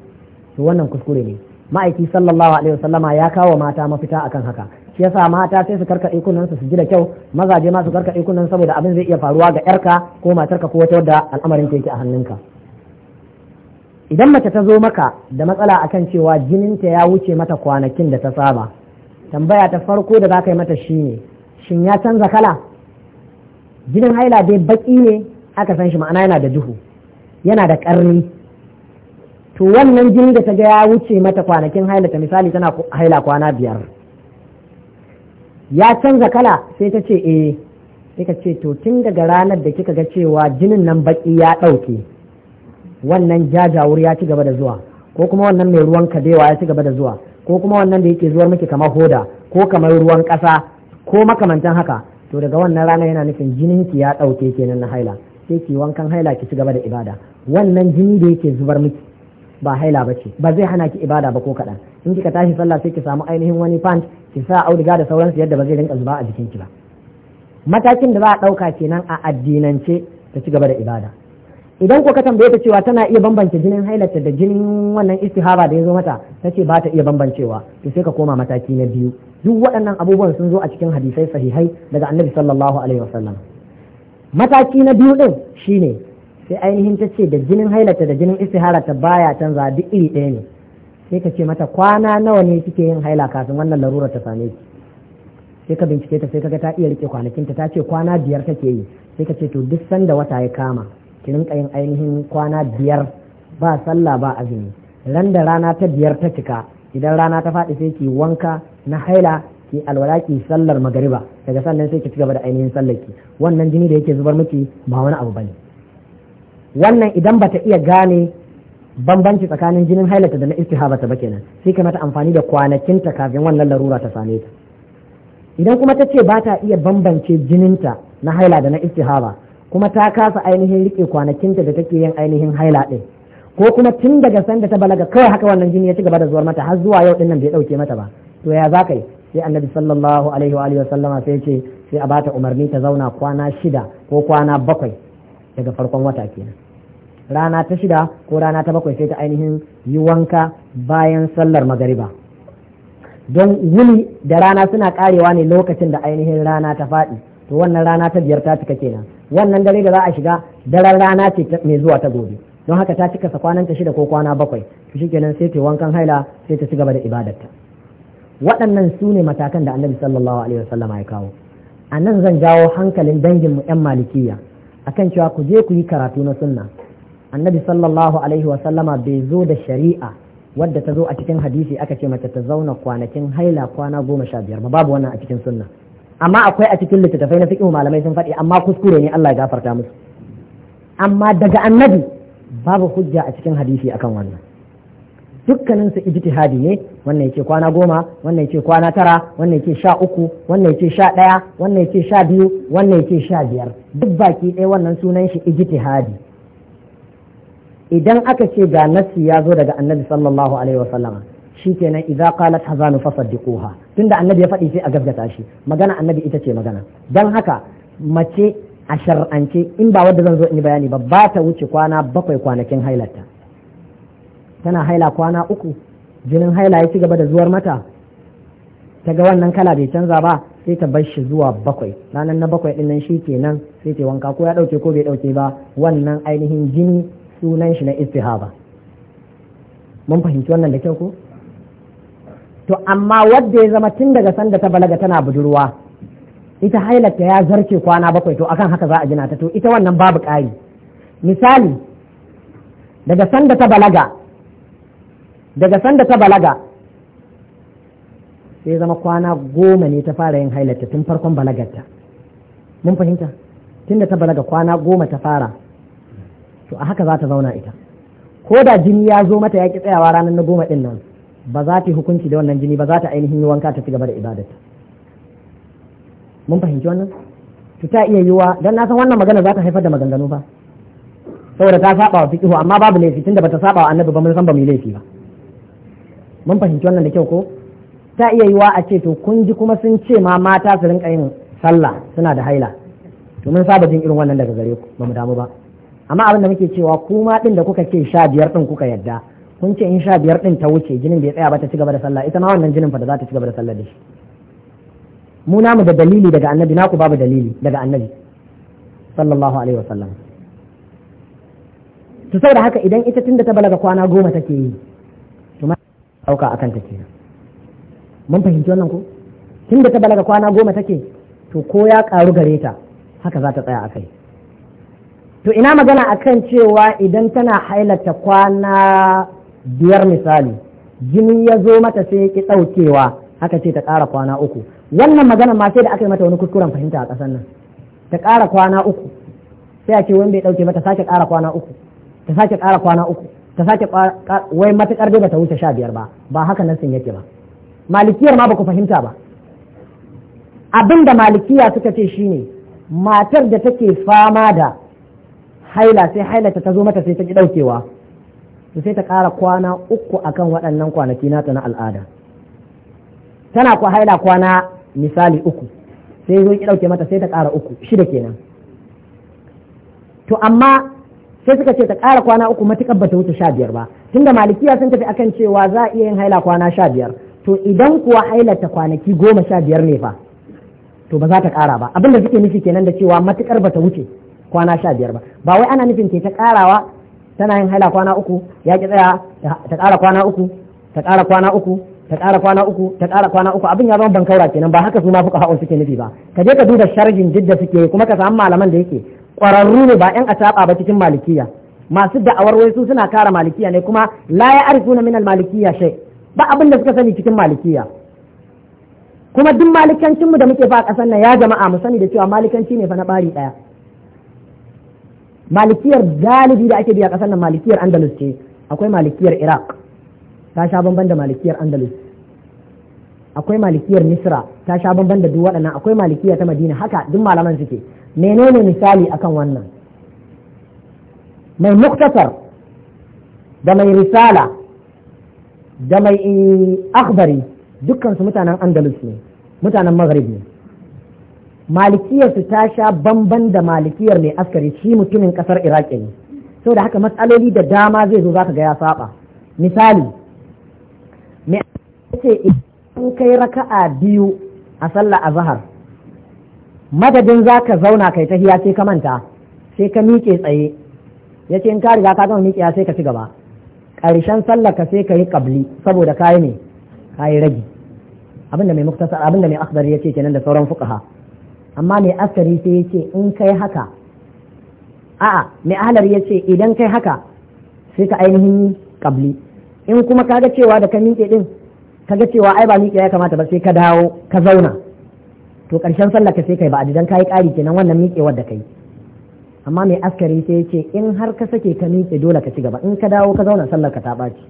to wannan kuskure ne ma'aiki sallallahu alaihi wasallama ya kawo mata mafita akan haka shi yasa mata sai su karka ikunan su ji da kyau mazaje ma su karka ikunan saboda abin zai iya faruwa ga yarka ko matarka ko wata wadda al'amarin ta yake a hannunka idan mace ta zo maka da matsala akan cewa jininta ya wuce mata kwanakin da ta saba tambaya ta farko da za ka yi mata ne, shin ya canza kala jinin haila dai baki ne aka san shi ma'ana yana da duhu yana da karni to wannan jini da ta ga ya wuce mata kwanakin haila ta misali tana haila kwana biyar ya canza kala sai ta ce eh sai ka ce to tun daga ranar da kika ga cewa jinin nan baki ya ɗauke wannan jajawur ya ci gaba da zuwa ko kuma wannan mai ruwan kadewa ya ci gaba da zuwa ko kuma wannan da yake zuwar miki kamar hoda ko kamar ruwan kasa ko makamantan haka to daga wannan rana yana nufin jinin ki ya dauke kenan na haila sai ki wankan haila ki ci gaba da ibada wannan jini da yake zubar miki ba haila ba ce ba zai hana ki ibada ba ko kaɗan in kika tashi sallah sai ki samu ainihin wani pant ki sa auduga da sauransu yadda ba zai rinka zuba a ki ba matakin da za a ɗauka kenan a addinance ta ci gaba da ibada idan ko ka tambaye ta cewa tana iya bambance jinin hailata da jinin wannan istihara da ya zo mata ta ce ba ta iya bambancewa to sai ka koma mataki na biyu duk waɗannan abubuwan sun zo a cikin hadisai sahihai daga annabi sallallahu alaihi wasallam mataki na biyu din shine sai ainihin ta ce da jinin hailata da jinin istihara ta baya canza duk iri ɗaya ne sai ka ce mata kwana nawa ne kike yin haila kafin wannan larura ta same ki sai ka bincike ta sai kaga ta iya rike kwanakin ta ta ce kwana biyar take yi sai ka ce to duk sanda wata ya kama ki rinka yin ainihin kwana biyar ba sallah ba azumi ran da rana ta biyar ta cika idan rana ta faɗi sai ki wanka na haila ki alwala ki sallar magariba daga sannan sai ki cigaba da ainihin sallar ki wannan jini da yake zubar miki ba wani abu bane wannan idan bata iya gane bambanci tsakanin jinin hailata da na istihabata ba kenan sai ka mata amfani da kwanakinta kafin wannan larura ta same ta idan kuma ta ce ba ta iya bambance jininta na haila da na istihaba kuma ta kasa ainihin rike kwanakinta da take yin ainihin haila ɗin. ko kuma tun daga sanda ta balaga kawai haka wannan jini ya ci gaba da zuwar mata har zuwa yau din nan bai dauke mata ba to ya za yi sai annabi sallallahu alaihi wa sallama sai ce sai a bata umarni ta zauna kwana shida ko kwana bakwai daga farkon wata kenan rana ta shida ko rana ta bakwai sai ta ainihin yi wanka bayan sallar magariba don wuni da rana suna karewa ne lokacin da ainihin rana ta faɗi to wannan rana ta biyar ta cika kenan wannan dare da za a shiga daren rana ce mai zuwa ta gobe don haka ta cika sa kwananta shida ko kwana bakwai to shikenan sai ta wankan haila sai ta ci gaba da ibadarta waɗannan su ne matakan da annabi sallallahu alaihi wasallam ya kawo a nan zan jawo hankalin dangin mu yan malikiya akan cewa ku je ku yi karatu na sunna annabi sallallahu alaihi wasallama bai zo da shari'a wadda ta zo a cikin hadisi aka ce mace ta zauna kwanakin haila kwana goma sha biyar ba babu wannan a cikin sunna amma akwai a cikin littattafai na fiƙin malamai sun faɗi amma kuskure ne Allah ya gafarta musu amma daga annabi babu hujja a cikin hadisi akan wannan dukkanin su ijtihadi ne wannan yake kwana goma wannan yake kwana tara wannan yake sha uku wannan yake sha ɗaya wannan yake sha biyu wannan yake sha biyar duk baki ɗaya wannan sunan shi ijtihadi idan aka ce ga nassi ya zo daga annabi sallallahu alaihi wasallama shi shikenan idza qalat hazanu fasaddiquha tunda annabi ya faɗi sai a gaskata shi magana annabi ita ce magana dan haka mace a shar'ance in ba wadda zan zo in yi bayani ba ba ta wuce kwana bakwai kwanakin hailarta tana haila kwana uku jinin haila ya ci gaba da zuwar mata ta ga wannan kala bai canza ba sai ta bar shi zuwa bakwai ranar na bakwai ɗinnan shi kenan sai ta wanka ko ya ɗauke ko bai ɗauke ba wannan ainihin jini sunan shi na istihaba mun fahimci wannan da kyau ko to amma wadda ya zama tun daga sanda ta balaga tana budurwa ita ta ya zarce kwana bakwai to akan haka za a gina ta to ita wannan babu ƙari misali daga sanda ta balaga daga sanda ta balaga sai zama kwana goma ne ta fara yin ta tun farkon balagarta mun fahimta tun da ta balaga kwana goma ta fara to a haka za ta zauna ita ko da jini ya zo mata ya ki tsayawa ranar na goma ɗin nan ba za ta yi hukunci da wannan jini ba za ta ainihin yi wanka ta ci gaba da ibadata mun fahimci wannan to ta iya yiwa don na san wannan magana za ta haifar da maganganu ba saboda ta saba wa fiqhu amma babu laifi tunda bata saba wa annabi ba mun san ba mu laifi ba mun fahimci wannan da kyau ko ta iya yiwa a ce to kun ji kuma sun ce ma mata su rinka yin sallah suna da haila to mun saba jin irin wannan daga gare ku ba mu damu ba amma abin da muke cewa kuma din da kuka ce sha biyar din kuka yadda kun ce in sha biyar din ta wuce jinin bai tsaya ba ta ci gaba da sallah ita ma wannan jinin fa da za ta ci gaba da sallah da shi mu namu da dalili daga annabi Na ku babu dalili daga annabi sallallahu alaihi wasallam to saboda haka idan ita tunda ta balaga kwana goma take yi to ma dauka akan ta kenan mun fahimci wannan ko tunda ta balaga kwana goma take to ko ya karu gare ta haka za ta tsaya a kai. to ina magana akan cewa idan tana hailata kwana biyar misali jini ya zo mata sai ya ki ɗaukewa haka ce ta ƙara kwana uku wannan magana ma sai da aka yi mata wani kuskuren fahimta a ƙasar nan ta ƙara kwana uku sai a ce wani bai ɗauke ba ta sake ƙara kwana uku ta sake ƙara kwana uku ta sake wai matuƙar dai bata wuce sha biyar ba ba haka nan sun yake ba malikiyar ma baku fahimta ba abin da malikiya suka ce shine matar da take fama da haila sai hailata ta zo mata sai ta ki ɗaukewa to sai ta ƙara kwana uku akan waɗannan kwanaki na nata na al'ada tana ku haila kwana misali uku sai zo ki ɗauke mata sai ta ƙara uku shida kenan to amma sai suka ce ta ƙara kwana uku matuƙar ba ta wuce sha biyar ba tunda malikiya sun tafi akan cewa za a iya yin haila kwana sha biyar to idan kuwa hailata kwanaki goma sha biyar ne fa to ba za ta ƙara ba abin da suke nufi kenan da cewa matuƙar ba ta wuce kwana sha biyar ba ba wai ana nufin ke ta ƙarawa tana yin haila kwana uku ya ki tsaya ta ƙara kwana uku ta ƙara kwana uku ta ƙara kwana uku ta ƙara kwana uku abin ya zama bankaura kenan ba haka su ma fuka ha'un suke nufi ba ka je ka duba sharjin jidda suke kuma ka samu malaman da yake ƙwararru ne ba 'yan acaɓa ba cikin malikiya masu da'awar wai su suna kara malikiya ne kuma la ya arifuna min al-malikiya shay ba abin da suka sani cikin malikiya kuma duk malikancinmu da muke fa a nan ya jama'a mu sani da cewa malikanci ne fa na ɓari ɗaya malikiyar galibi da ake biya kasar nan malikiyar andalus ce akwai malikiyar iraq ta sha bamban da malikiyar andalus akwai malikiyar misra ta sha bamban da duk waɗannan akwai malikiya ta madina haka duk malaman suke menene misali akan wannan mai muktasar da mai risala da mai eh, akhbari dukkan su mutanen andalus ne mutanen maghrib ne malikiyar su ta sha bamban da malikiyar mai askari shi mutumin kasar iraki ne saboda haka matsaloli da dama zai zo zaka ga ya saba misali me ce in kai raka'a biyu a sallah azhar madadin zaka zauna kai tahiya sai ka manta sai ka miƙe tsaye yace in ka riga ka gama miƙe sai ka ci gaba ƙarshen sallar ka sai ka yi kabli saboda kayi ne kayi ragi abinda mai muktasar abinda mai akhbar yace kenan da sauran fuqaha amma mai askari sai ya ce in kai haka a'a mai ahalar ya ce idan kai haka sai ka ainihin kabli in kuma kaga cewa da ka miƙe din kaga cewa ai ba miƙe ya kamata ba sai ka dawo ka zauna to ƙarshen sallah ka sai kai ba adidan kai ƙari kenan wannan miƙewar da kai amma mai askari sai ya ce in har ka sake ka miƙe dole ka ci gaba in ka dawo ka zauna sallar ka ta ɓaci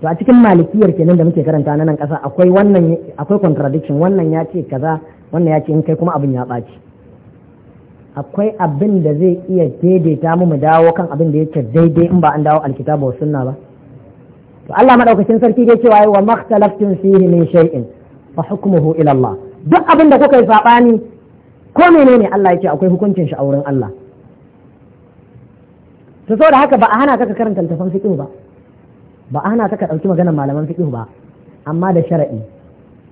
to a cikin malikiyar kenan da muke karanta na nan ƙasa akwai wannan akwai contradiction wannan ya ce kaza wannan ya ce in kai kuma abin ya ɓaci akwai abin da zai iya daidaita mu mu dawo kan abin da yake daidai in ba an dawo alkitabu wa sunna ba to Allah madaukakin sarki dai cewa wa makhtalaftum fihi min shay'in fa hukmuhu ila Allah duk abin da kuka yi sabani ko menene Allah yake akwai hukuncin shi a wurin Allah to saboda haka ba a hana ka karanta littafin fiqh ba ba a hana ka dauki maganar malaman fiqh ba amma da shar'i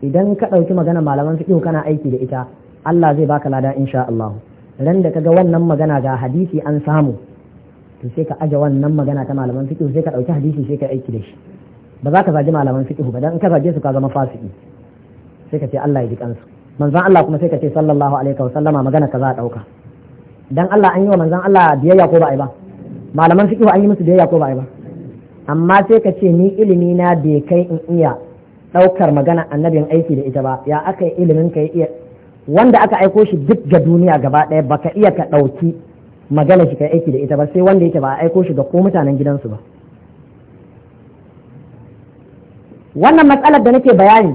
idan ka ɗauki magana malaman fiqh kana aiki da ita Allah zai baka lada insha Allah ran da kaga wannan magana ga hadisi an samu to sai ka aje wannan magana ta malaman fiqh sai ka ɗauki hadisi sai ka aiki da shi ba za ka zaji malaman fiqh ba dan ka zaje su ka zama fasiki sai ka ce Allah ya ji kansu manzon Allah kuma sai ka ce sallallahu alaihi wa sallama magana ka za a ɗauka dan Allah an yi wa manzon Allah biyayya ko ba ai ba malaman fiqh an yi musu biyayya ko ba ai ba amma sai ka ce ni ilimi na bai kai in iya ɗaukar magana annabin aiki da ita ba ya aka yi ilimin ka iya wanda aka aiko shi duk ga duniya gaba ɗaya ba ka iya ka ɗauki magana shi ka aiki da ita ba sai wanda yake ba a aiko shi ga ko mutanen gidansu ba wannan matsalar da nake bayani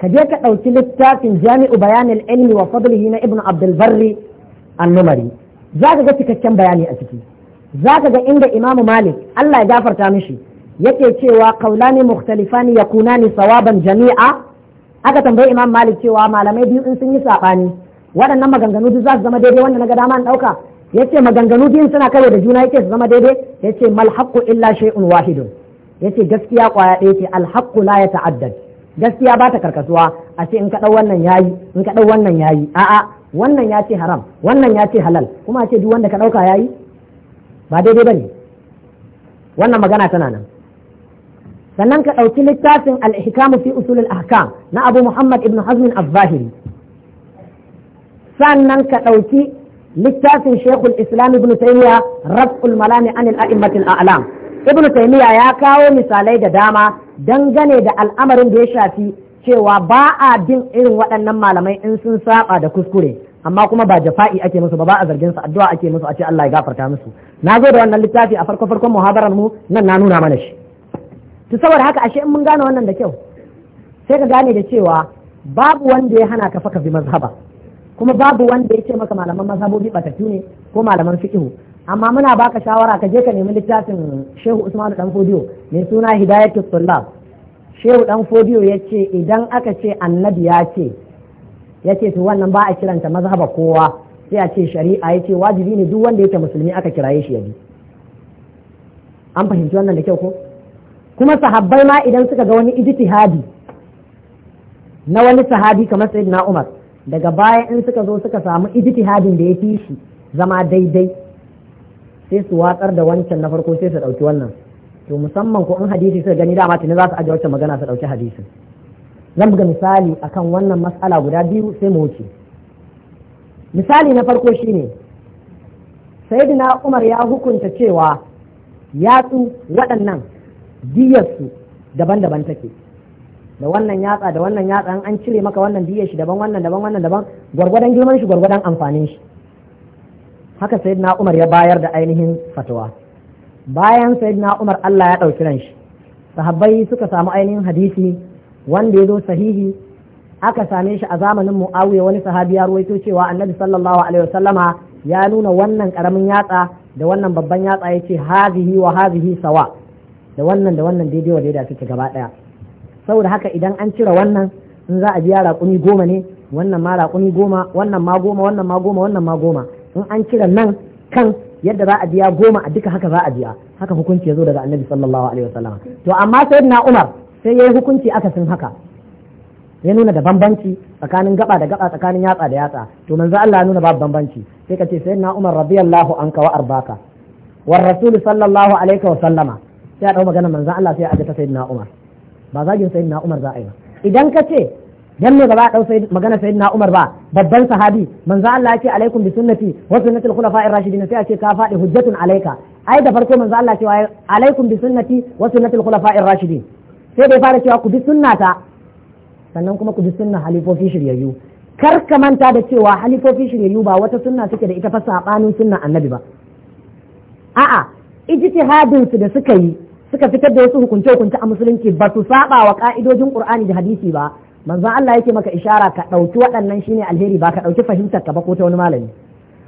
ka je ka ɗauki littafin jami'u bayanin ilmi wa fadlihi na ibnu abdul barri annumari za ka ga cikakken bayani a ciki za ka ga inda imamu malik allah ya gafarta mishi yake cewa ya mukhtalifani yakunani sawaban jami'a aka tambayi imam malik cewa malamai biyu in sun yi sabani waɗannan maganganu duk za su zama daidai wanda na ga dama an ɗauka yace maganganu biyun suna karo da juna yake su zama daidai yace mal haqqu illa shay'un wahidun yace gaskiya kwaya ɗaya ce al haqqu la yata'addad gaskiya ba ta karkasuwa a ce in ka wannan yayi in ka wannan yayi a'a wannan ya ce haram wannan ya ce halal kuma a ce duk wanda ka ɗauka yayi ba daidai bane wannan magana tana nan sannan ka ɗauki littafin al fi usulul ahkam na Abu Muhammad ibn hazmin al-Zahiri sannan ka ɗauki littafin shekul Islam ibn Taymiyyah Raf'ul Malami anil a'immatil a'lam ibn Taymiyyah ya kawo misalai da dama dangane da al'amarin da ya shafi cewa ba a bin irin waɗannan malamai in sun saba da kuskure amma kuma ba jafa'i ake musu ba ba a zargin su addu'a ake musu a ce Allah ya gafarta musu na zo da wannan littafi a farko farkon muhabaran mu nan na nuna mana shi to saboda haka ashe in mun gane wannan da kyau sai ka gane da cewa babu wanda ya hana ka faka bi mazhaba kuma babu wanda ya ce maka malaman mazhabobi batattu ne ko malaman fiqh amma muna baka shawara ka je ka nemi littafin Shehu Usman Dan Fodiyo mai suna Hidayatul Tullab Shehu Dan Fodiyo ya ce idan aka ce annabi ya ce ya ce to wannan ba a kiranta mazhaba kowa sai a ce shari'a ya ce wajibi ne duk wanda yake musulmi aka kiraye shi ya bi an fahimci wannan da kyau ko kuma sahabbai ma idan suka ga wani ijtihadi na wani sahabi kamar sayyidina Umar daga baya in suka zo suka samu ijtihadin da ya fi shi zama daidai sai su watsar da wancan na farko sai su dauki wannan to musamman ko in hadisi suka gani dama tuni za su aje wancan magana su dauki hadisi, zan buga misali akan wannan mas'ala guda biyu sai mu wuce misali na farko shine sayyidina Umar ya hukunta cewa yatsu waɗannan diyarsu daban-daban take da wannan yatsa da wannan yatsa an cire maka wannan diyar shi daban wannan daban wannan daban gwargwadon girman shi gwargwadon amfanin shi haka na Umar ya bayar da ainihin fatawa bayan na Umar Allah ya ɗauki ran shi sahabbai suka samu ainihin hadisi wanda ya zo sahihi aka same shi a zamanin Muawiya wani sahabi ya ruwaito cewa Annabi sallallahu alaihi wasallama ya nuna wannan karamin yatsa da wannan babban yatsa ya ce hazihi wa hazihi sawa da wannan da wannan daidai wadai da suke gaba daya saboda haka idan an cire wannan in za a biya raƙumi goma ne wannan ma raƙumi goma wannan ma goma wannan ma goma wannan ma goma in an cire nan kan yadda za a biya goma a duka haka za a biya haka hukunci ya zo daga annabi sallallahu alaihi wasallam to amma na umar sai yayi hukunci akasin haka ya nuna da bambanci tsakanin gaba da gaba tsakanin yatsa da yatsa to manzo Allah ya nuna babu bambanci sai ka ce na umar radiyallahu anka wa arbaka wa rasul sallallahu alaihi wa sallama sai a dau magana manzon Allah sai a ga ta sayyidina Umar ba za zagin sayyidina Umar za a yi ba idan ka ce dan ne ba za a ɗau magana sayyidina Umar ba babban sahabi manzon Allah yake alaikum bi sunnati wa sunnati al-khulafa'ir rashidin sai a ce ka faɗi hujjatun alaika ai da farko manzon Allah cewa alaikum bi sunnati wa sunnati al-khulafa'ir rashidin sai bai fara cewa ku bi sunnata sannan kuma ku bi sunnan halifofi shiryayyu kar ka manta da cewa halifofi shiryayyu ba wata sunna suke da ita fa sabanin sunnan annabi ba a'a ijtihadin su da suka yi suka fitar da wasu hukunce hukunce a musulunci ba su saba wa ka'idojin qur'ani da hadisi ba manzon Allah yake maka ishara ka dauki waɗannan shine alheri ba ka dauki fahimtar ka ba ko ta wani malami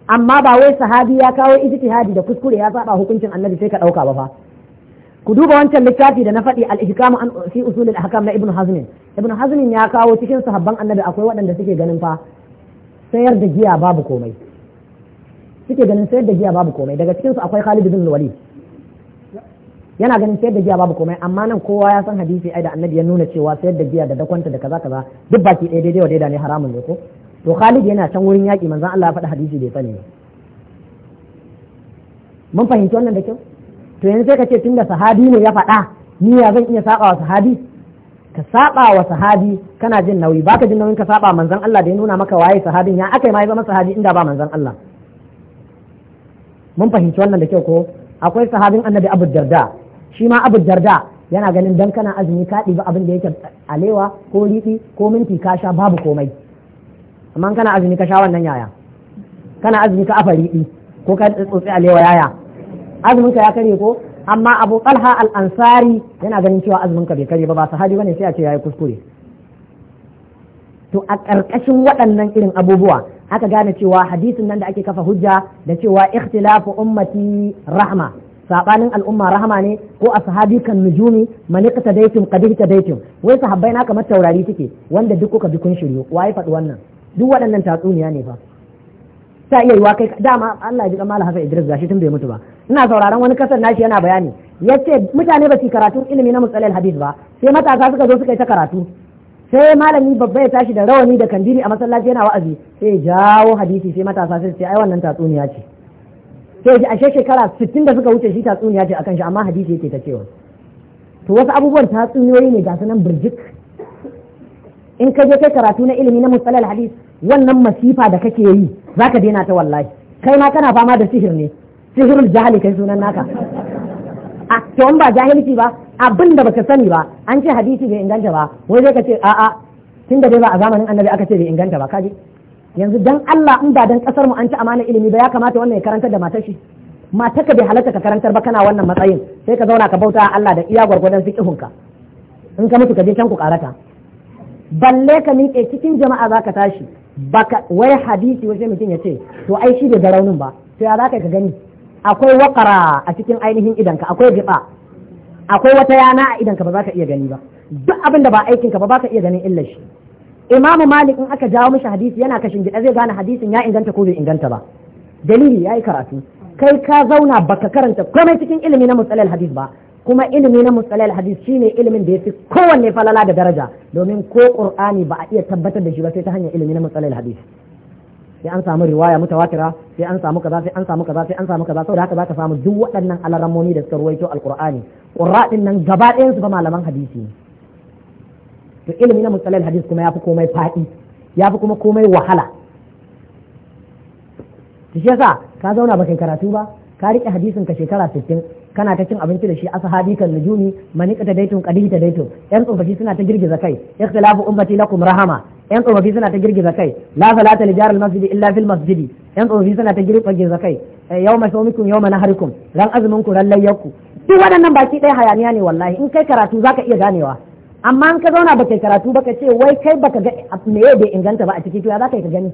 amma ba wai sahabi ya kawo ijtihadi da kuskure ya saba hukuncin annabi sai ka dauka ba fa ku duba wancan littafi da na faɗi al-ihkam an fi usul al-ahkam na ibnu hazm ibnu hazm ya kawo cikin sahabban annabi akwai waɗanda suke ganin fa sayar da giya babu komai suke ganin sayar da giya babu komai daga cikin su akwai Khalid bin Walid yana ganin sayar da giya babu komai amma nan kowa ya san hadisi ai da annabi ya nuna cewa sayar da giya da dakwanta da kaza kaza duk baki ɗaya daidai wa daida ne haramun ne ko to Khalid yana can wurin yaƙi manzon Allah ya faɗa hadisi bai sani mun fahimci wannan da kyau to yanzu sai ka ce tunda sahabi ne ya faɗa ni ya zan iya saba wa sahabi ka saba wa sahabi kana jin nauyi baka jin nauyin ka saba manzon Allah da ya nuna maka waye sahabin ya akai ma ya zama sahabi inda ba manzon Allah mun fahimci wannan da kyau ko akwai sahabin annabi Abu Darda shi ma abu darda yana ganin dan kana azumi ka ɗiba abin da yake alewa ko riɗi ko minti ka sha babu komai amma kana azumi ka sha wannan yaya kana azumi ka afa riɗi ko ka tsotsi alewa yaya azumin ka ya kare ko amma abu talha al-ansari yana ganin cewa azumin ka bai kare ba ba sahabi bane sai a ce yayi kuskure to a ƙarƙashin waɗannan irin abubuwa aka gane cewa hadisin nan da ake kafa hujja da cewa ikhtilafu ummati rahma sabanin al'umma rahama ne ko ashabi kan nujumi malika tadaitum qadir tadaitum wai sahabbai na kamar taurari take wanda duk kuka bi kun waye faɗi wannan duk waɗannan tatsuniya ne fa ta iya yiwa kai dama Allah ya ji kamar Hassan Idris gashi tun bai mutu ba ina sauraron wani kasar nashi yana bayani yace mutane ba su karatu ilimi na musalal hadith ba sai matasa suka zo suka yi ta karatu sai malami babba ya tashi da rawani da kandiri a masallaci yana wa'azi sai jawo hadisi sai matasa sai ce ai wannan tatsuniya ce sai ji ashe shekara 60 da suka wuce shi tatsuniya ce akan shi amma hadisi yake ta cewa to wasu abubuwan tatsuniyoyi ne ga nan birjik in ka je kai karatu na ilimi na musalal hadis wannan masifa da kake yi zaka daina ta wallahi kai ma kana fama da sihir ne sihirul jahali kai sunan naka a to ba jahilci ba abin da baka sani ba an ce hadisi bai inganta ba wai zai ka ce a'a tunda dai ba a zamanin annabi aka ce bai inganta ba kaje yanzu dan Allah in ba dan kasar mu an ci amana ilimi ba ya kamata wannan ya karantar da matar shi ka bai halatta ka karantar ba kana wannan matsayin sai ka zauna ka bauta Allah da iya gwargwadon fiqhun ka in ka mutu ka je can ku karata balle ka miƙe cikin jama'a zaka tashi baka wai hadisi wace mutum ya ce to ai shi bai ga raunin ba to ya zaka ka gani akwai wakara a cikin ainihin idanka akwai giba akwai wata yana a idanka ba za ka iya gani ba duk abin da ba aikinka ba ba ka iya ganin illar shi imamu malik in aka jawo mashi hadisi yana kashin gida zai gane hadisin ya inganta ko bai inganta ba dalili ya yi karatu kai ka zauna baka karanta komai cikin ilimi na musalal hadis ba kuma ilimi na musalal hadis shine ilimin da ya fi kowanne falala da daraja domin ko qur'ani ba a iya tabbatar da shi ba sai ta hanyar ilimi na musalal sai an samu riwaya mutawatira sai an samu kaza sai an samu kaza sai an samu kaza saboda haka zaka samu duk waɗannan alarammomi da suka ruwaito alqur'ani qurra din nan gaba ɗayan ba malaman hadisi ne to ilimi na musalal hadis kuma ya fi komai faɗi ya fi kuma komai wahala shi yasa ka zauna ba karatu ba ka riƙe hadisin ka shekara sittin kana ta cin abinci da shi ashabi kan nujumi manika ta daitun qadihi ta daitun yan tsofaffi suna ta girgiza kai ikhtilafu ummati lakum rahama yan tsofaffi suna ta girgiza kai la salata li jaril masjidi illa fil masjidi yan tsofaffi suna ta girgiza kai eh, yawma sawmikum yawma naharikum ran azumin ku ran layyakku duk waɗannan baki ɗaya hayaniya ne wallahi in kai karatu zaka iya ganewa amma in ka zauna ba kai karatu ba ka ce wai kai baka ga me ya bai inganta ba a cikin kiwa za ka yi ka gani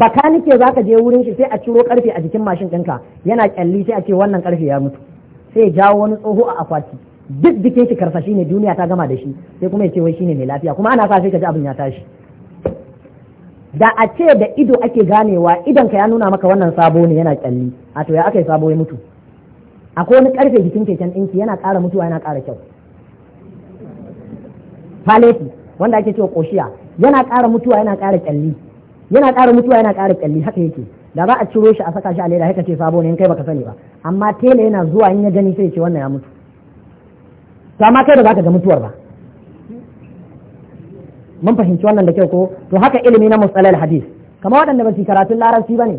baka nike za ka je wurin shi sai a ciro karfe a jikin mashin ɗinka yana kyalli sai a ce wannan karfe ya mutu sai ya jawo wani tsoho a akwati duk jikin shi ne duniya ta gama da shi sai kuma ya ce wai shine mai lafiya kuma ana sa sai ka ji abin ya tashi da a ce da ido ake ganewa idan ka ya nuna maka wannan sabo ne yana kyalli a to ya aka yi sabo ya mutu akwai wani karfe jikin keken ɗinki yana kara mutuwa yana kara kyau faleti wanda ake cewa koshiya yana ƙara mutuwa yana ƙara kyalli yana ƙara mutuwa yana ƙara kyalli haka yake da za a ciro shi a saka shi a leda haka ce sabo ne in kai baka sani ba amma tela yana zuwa in ya gani sai ce wannan ya mutu to amma kai da ka ga mutuwar ba mun fahimci wannan da kyau ko to haka ilimi na musalal hadis kamar waɗanda ba su karatun larabci ba ne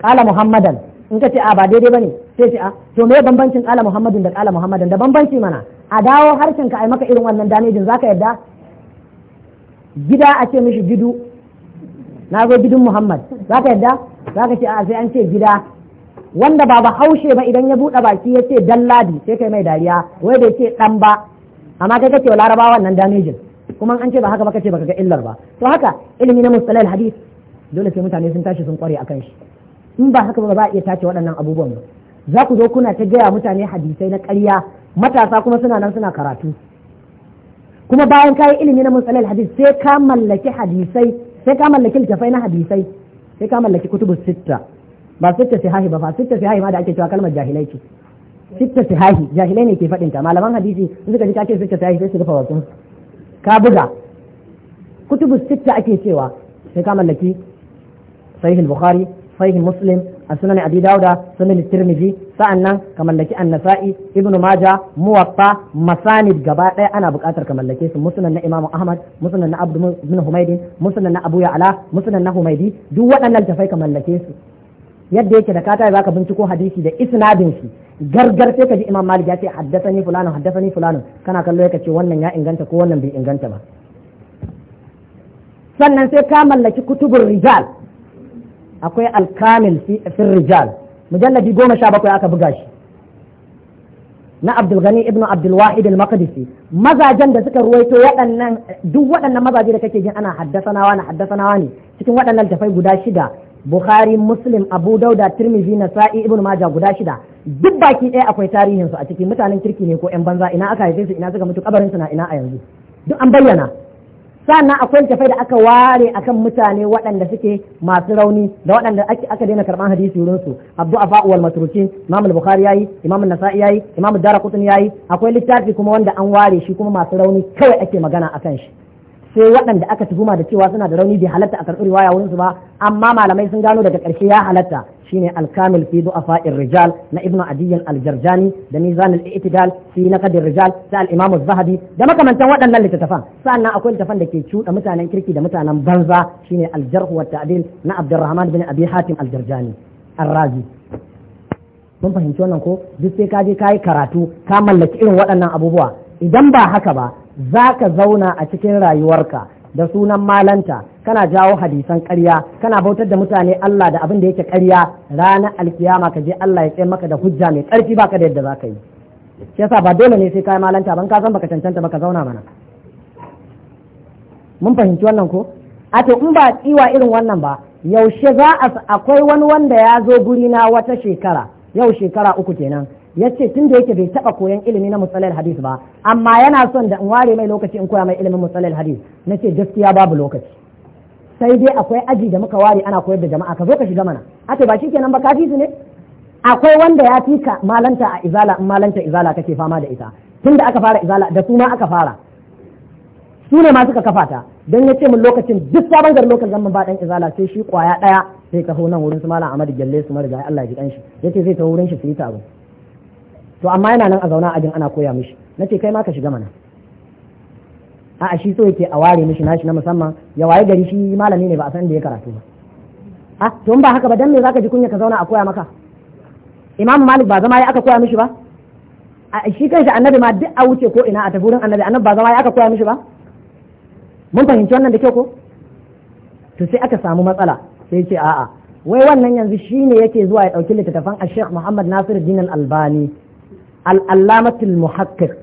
ƙala muhammadan in ka ce a ba daidai ba ne sai ce a to me bambancin ƙala muhammadin da ƙala muhammadan da bambanci mana a dawo harshen ka yi maka irin wannan damejin ka yadda gida a ce mishi gidu na zo gidin Muhammad za ka yadda ka ce a sai an ce gida wanda ba ba haushe ba idan ya buɗe baki ya ce dan ladi sai kai mai dariya wai bai ce dan ba amma kai kake wa larabawa wannan damejin kuma an ce ba haka ba kace baka ga illar ba to haka ilimi na mustalal hadith dole sai mutane sun tashi sun kware akan shi in ba haka ba za a iya tace waɗannan abubuwan ba za ku zo kuna ta gaya mutane hadisai na ƙarya matasa kuma suna nan suna karatu kuma bayan kayi ilimi na musalal hadis sai ka mallaki hadisai sai ka mallaki littafai na hadisai sai ka mallaki kutubu sitta ba sitta sihahi ba fa sitta sihahi ma da ake cewa kalmar jahilai ce sitta sihahi jahilai ne ke faɗin ta malaman hadisi in suka ji ka ce sitta sihahi sai su rufa wasu ka buga kutubu sitta ake cewa sai ka mallaki sahihul bukhari sahihul muslim a sunan abi dauda sunan sa'an nan ka mallaki an-nasa'i ibnu maja muwatta masanid gaba daya ana buƙatar ka mallake su musnad na imamu ahmad musnad na abdu ibn na abu ya'la musnad na humaydi duk waɗannan tafai ka mallake su yadda yake da kata zaka binciko hadisi da isnadin shi gargar sai ka ji imam malik ya ce haddathani fulano haddathani fulano kana kallo ka ce wannan ya inganta ko wannan bai inganta ba sannan sai ka mallaki kutubur rijal akwai alkamil fi rijal mujalladi goma sha bakwai aka buga shi na gani ibn abdulwahid al-maqdisi mazajen da suka ruwaito waɗannan duk waɗannan mazaje da kake jin ana haddasanawa na haddasanawa ne cikin waɗannan tafai guda shida bukhari muslim abu dauda tirmidhi nasa'i ibn majah guda shida duk baki ɗaya akwai tarihin su a ciki mutanen kirki ne ko yan banza ina aka haife su ina suka mutu kabarin su na ina a yanzu duk an bayyana sannan akwai tafai da aka ware akan mutane waɗanda suke masu rauni da waɗanda aka daina karɓar hadisi wurin su abdu afa wal matruki imam al-bukhari yayi imam an-nasa'i yayi imam ad-darqutni yayi akwai littafi kuma wanda an ware shi kuma masu rauni kawai ake magana akan shi sai waɗanda aka tuhuma da cewa suna da rauni bai halatta a karɓi riwaya wurin su ba amma malamai sun gano daga ƙarshe ya halatta shine al-kamil fi rijal na ibnu adiyyan al-jarjani da mizan al-i'tidal fi naqd rijal da al-imam zahabi da makamantan waɗannan littattafan sannan akwai littattafan da ke cuɗa mutanen kirki da mutanen banza shine al wa ta'dil na abdurrahman bin abi hatim al-jarjani ar-razi mun fahimci wannan ko duk sai ka je ka karatu ka mallaki irin waɗannan abubuwa idan ba haka ba za ka zauna a cikin rayuwarka da sunan malanta kana jawo hadisan ƙarya kana bautar da mutane Allah da abin da yake ƙarya ranar alkiyama ka je Allah ya tsaye maka da hujja mai ƙarfi ba ka da yadda za ka yi shi yasa ba dole ne sai kai malanta ban ka san baka cancanta baka zauna mana mun fahimci wannan ko a to in ba tsiwa irin wannan ba yaushe za a akwai wani wanda ya zo guri na wata shekara yau shekara uku kenan ya ce tun da yake bai taɓa koyan ilimi na musallar hadis ba amma yana son da in ware mai lokaci in koya mai ilimin musallar hadis na ce gaskiya babu lokaci sai dai akwai aji da muka ware ana koyar da jama'a ka zo ka shiga mana ake ba shi kenan ba kafi su ne akwai wanda ya fi ka malanta a izala in malanta izala kake fama da ita tunda aka fara izala da su ma aka fara su ne ma suka kafa ta don ya ce mun lokacin duk sabon gari lokacin zaman ba dan izala sai shi kwaya daya sai ka nan wurin su malam Ahmad Jalle su marigayi Allah ya ji kanshi yace zai ta wurin shi su yi taro to amma yana nan a zauna ajin ana koya mishi nace kai ma ka shiga mana a'a shi so yake a ware mishi nashi na musamman ya waye gari shi malami ne ba a san da ya karatu ba a ah, to ba haka ba dan me zaka ji kunya ka zauna a koya maka imam malik ba zama ya aka koya mishi ba a shi kanshi annabi ma duk a wuce ko ina a tafi wurin annabi annabi ba zama ya aka koya mishi ba mun fahimci wannan da kyau ko to sai aka samu matsala sai ce a'a wai wannan yanzu shi ne yake zuwa ya ɗauki littattafan a Sheikh Muhammad Nasir Din Al-Albani Al-Allamatul Muhaqqiq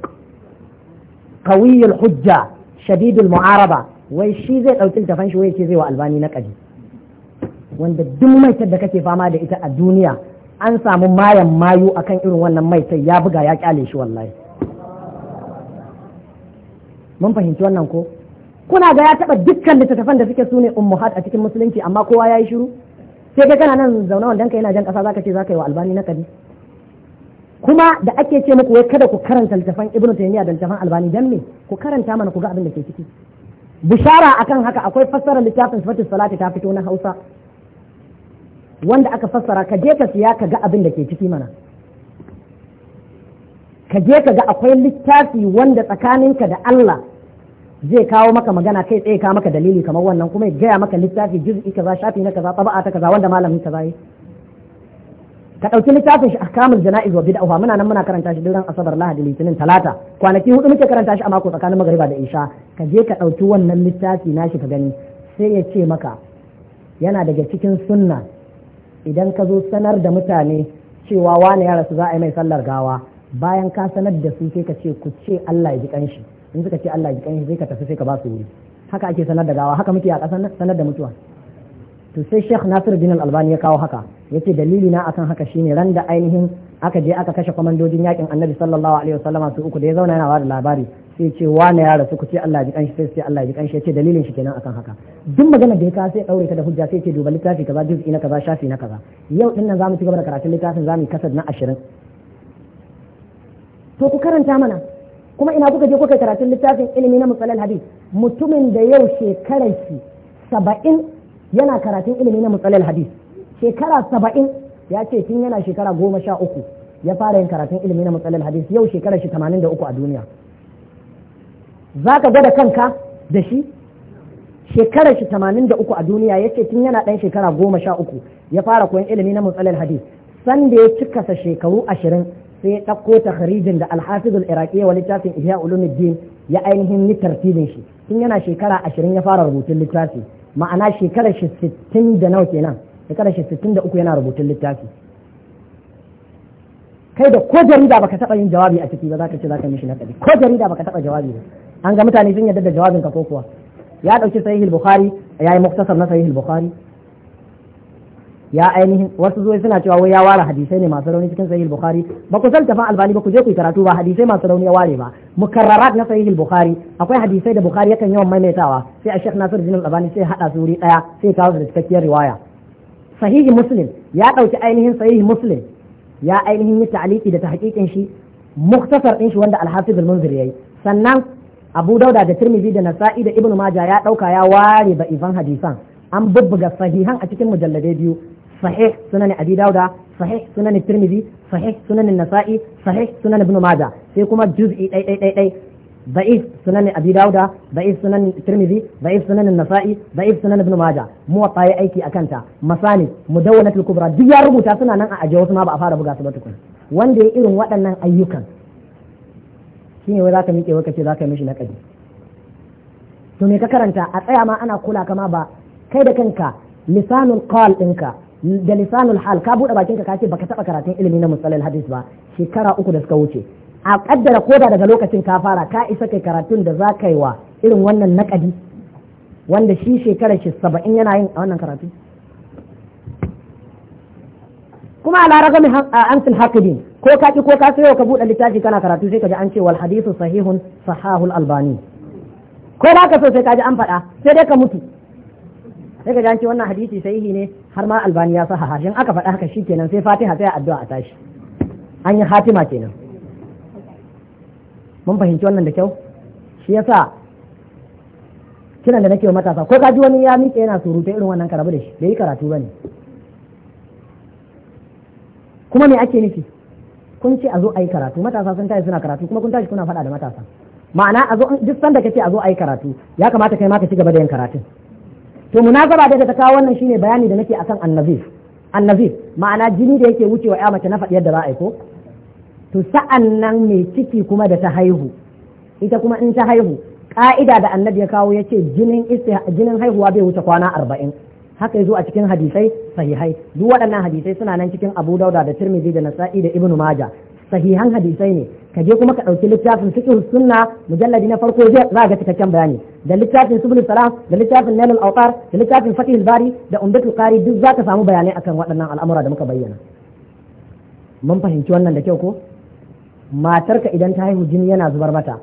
Qawiyul Hujja shadidul Muharaba, wai shi zai ɗauki littafan shi wai ce wa albani na ƙaji wanda duk maitar da kake fama da ita a duniya an samu mayan mayu akan irin wannan maitar ya buga ya kyale shi wallahi mun fahimci wannan ko kuna ga ya taɓa dukkan littattafan da suke sune ummuhat a cikin musulunci amma kowa ya yi shiru sai kai kana nan zaune wanda kai yana jan kasa zaka ce zaka wa albani na kadi kuma da ake ce muku wai kada ku karanta littafan ibn Taymiyyah da littafan albani dan me ku karanta mana ku ga abin da ke ciki bishara akan haka akwai fassara littafin sifatus salati ta fito na Hausa wanda aka fassara ka je ka siya ka ga abin da ke ciki mana ka je ka ga akwai littafi wanda tsakaninka da Allah zai kawo maka magana kai tsaye ka maka dalili kamar wannan kuma ya gaya maka littafi juz'i kaza shafi na kaza taba'a ta kaza wanda malamin kaza yi ka ɗauki littafin shi ahkamul jana'iz wa bid'a muna nan muna karanta shi duran asabar lahadi litinin talata kwanaki hudu muke karanta shi a mako tsakanin magariba da isha ka je ka ɗauki wannan littafi nashi ka gani sai ya ce maka yana daga cikin sunna idan ka zo sanar da mutane cewa wane ya rasu za a yi mai sallar gawa bayan ka sanar da su sai ka ce ku ce Allah ya ji kanshi in suka ce Allah ya ji kanshi sai ka tafi sai ka ba su wuri haka ake sanar da gawa haka muke a ƙasar sanar da mutuwa to sai Sheikh Nasir bin Al-Albani ya kawo haka yace dalili na akan haka shine ran da ainihin aka je aka kashe kwamandojin yakin Annabi sallallahu alaihi wasallama su uku da ya zauna yana bada labari sai ce wane ya rasu ku ce Allah ya ji kanshi sai ce Allah ya ji kanshi yace dalilin shi kenan akan haka duk magana da ya kawo sai daure ta da hujja sai ce duba littafi kaza juz'i na kaza shafi na kaza yau din nan zamu ci gaba da karatun littafin zamu kasad na 20 to ku karanta mana kuma ina kuka je kuka karatun littafin ilimi na musalal hadith mutumin da yau shekarar shi saba'in yana karatun ilimi na mutsalil hadis shekara saba'in ya ce tun yana shekara goma sha uku ya fara yin karatun ilimi na mutsalil hadis yau shekara shi tamanin da uku a duniya za ka gwada kanka da shi shekara shi tamanin da uku a duniya ya ce tun yana ɗan shekara goma sha uku ya fara koyon ilimi na mutsalil hadis sanda ya cikasa shekaru ashirin sai ya ɗauko takharijin da alhafizul iraqiyya wa littafin ihya ulumuddin ya ainihin yi tartibin shi tun yana shekara ashirin ya fara rubutun littafi ma'ana shekarar shi sittin da nawa kenan shekarar shi sittin da uku yana rubutun littafi kai da ko jarida baka taba yin jawabi a ciki ba za ka ce za ka mishi kadi ko jarida baka taba jawabi ba an ga mutane sun yarda da jawabin ka ko kuwa ya dauki sahihul bukhari yayi muktasar na sahihul bukhari ya ainihin wasu zuwa suna cewa wai ya ware hadisai ne masu rauni cikin sahih bukhari ba ku san tafan albani ba ku je ku karatu ba hadisai masu rauni ya ware ba mukarrarat na sahih bukhari akwai hadisai da bukhari yakan yawan maimaitawa sai a shekh nasir bin albani sai hada su wuri daya sai kawo su cikakkiyar riwaya sahihi muslim ya dauki ainihin sahihi muslim ya ainihin yi ta'aliki da tahqiqin shi muktasar din shi wanda al-hafiz al-munzir yayi sannan abu dauda da tirmidhi da nasa'i da ibnu majah ya dauka ya ware ba ivan hadisan an bubbuga sahihan a cikin mujalladai biyu sahih sunan abi dauda sahih sunan tirmidhi sahih sunan nasa'i sahih sunan ibn majah sai kuma juz'i dai dai dai dai ضعيف سنن ابي داود ضعيف سنن الترمذي ضعيف سنن النسائي ضعيف سنن ابن ماجه موطا يا ايكي اكنتا مساني مدونه الكبرى دي يا rubuta suna nan a aje wasu ma a fara buga su ba tukun wanda ya irin waɗannan ayyukan shine wai zaka miƙe waka ce zaka mishi naƙadi to me ka karanta a tsayama ana kula kama ba kai da kanka lisanul qal ɗinka da lisanul hal ka buɗe bakinka ka ce baka taɓa karatun ilimi na musalal hadis ba shekara uku da suka wuce a kaddara koda daga lokacin ka fara ka isa kai karatun da za ka yi wa irin wannan naƙadi wanda shi shekara shi saba'in yana yin a wannan karatu kuma a laraga mai amsil haƙidin ko ka ko ka sayo ka buɗe littafi kana karatu sai ka ji an ce wal hadisu sahihun sahahul albani ko ba ka so sai ka ji an faɗa sai dai ka mutu sai ka ga ce wannan hadisi sahihi ne har ma albani ya saha hashin aka faɗa haka shikenan sai fatiha sai addu'a a tashi an yi hatima kenan mun fahimci wannan da kyau shi yasa kina da nake wa matasa ko kaji wani ya miƙe yana surutu irin wannan karabu da shi bai yi karatu bane kuma me ake nufi kun ce a zo a yi karatu matasa sun tashi suna karatu kuma kun tashi kuna faɗa da matasa ma'ana a zo duk sanda kace a zo a yi karatu ya kamata kai ma ka ci gaba da yin karatun to munasaba da ta kawo wannan shine bayani da nake akan annabi annabi ma'ana jini da yake wucewa ya mace na faɗi yadda za a yi ko to sa'an nan mai ciki kuma da ta haihu ita kuma in ta haihu ka'ida da annabi ya kawo yace jinin jinin haihuwa bai wuce kwana arba'in haka yazo a cikin hadisai sahihai duk waɗannan hadisai suna nan cikin Abu Dauda da Tirmidhi da Nasa'i da Ibn Majah sahihan hadisai ne ka je kuma ka ɗauki littafin fiqh sunna mujalladi na farko zai za ga cikakken bayani da littafin subul salam da littafin nailul awqar da littafin fatihul bari da umdatul qari duk za ka samu bayanai akan waɗannan al'amura da muka bayyana mun fahimci wannan da kyau ko matarka idan ta haihu jini yana zubar mata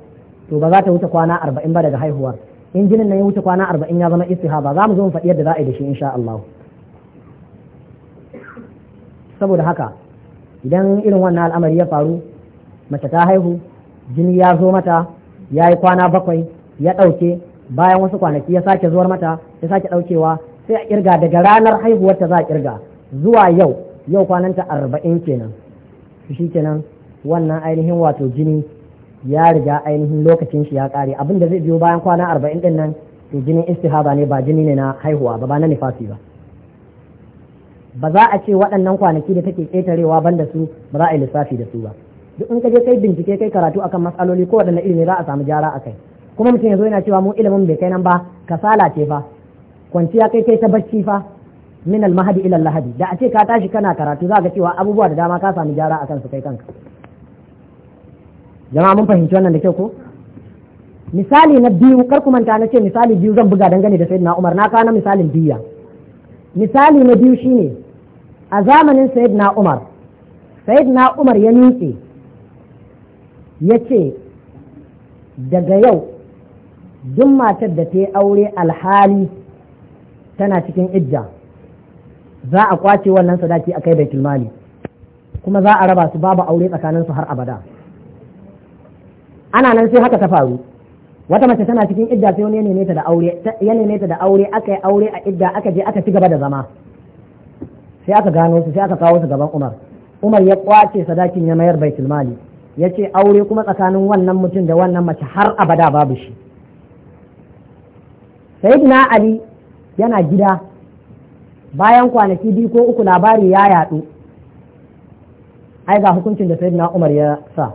to ba za ta wuce kwana arba'in ba daga haihuwar in jinin nan ya wuce kwana arba'in ya zama istihaba za mu zo mu faɗi yadda za a yi da shi insha Allah saboda haka idan irin wannan al'amari ya faru mace ta haihu jini ya zo mata ya yi kwana bakwai ya ɗauke bayan wasu kwanaki ya sake zuwar mata ya sake ɗaukewa sai a kirga daga ranar haihuwar ta za a kirga zuwa yau yau kwananta arba'in kenan shi kenan wannan ainihin wato jini ya riga ainihin lokacin shi ya ƙare abin da zai biyo bayan kwana arba'in din nan to jinin istihaba ne ba jini ne na haihuwa ba ba na nifasi ba ba za a ce waɗannan kwanaki da take ƙetarewa ban da su ba za a yi lissafi da su ba duk in ka je kai bincike kai karatu akan matsaloli ko waɗanne ilimi za a samu jara kai. kuma mutum ya zo yana cewa mu ilimin bai kai nan ba kasala ce fa kwanciya kai kai ta bacci fa min almahadi ila lahadi da a ce ka tashi kana karatu za ga cewa abubuwa da dama ka samu jara akan su kai kanka jama'a mun fahimci wannan da kyau ko misali na biyu kar ku manta na ce misali biyu zan buga dangane da sayyidina Umar na kawo misalin biya misali na biyu shine a zamanin said-na umar na umar ya nutse ya ce daga yau duk matar da ta yi aure alhali tana cikin ijja, za a kwace wannan sadaki a kai da kilmali kuma za a raba su babu aure tsakaninsu har abada ana nan sai haka ta faru wata mace tana cikin idda sai wani ya da aure ya ne ta da aure aka yi aure a idda aka je aka ci gaba da zama sai aka gano su sai aka kawo su gaban Umar Umar ya kwace sadakin ya mayar baitul mali ya ce aure kuma tsakanin wannan mutum da wannan mace har abada babu shi sayyidina Ali yana gida bayan kwanaki biyu ko uku labari ya yadu ai ga hukuncin da sayyidina Umar ya sa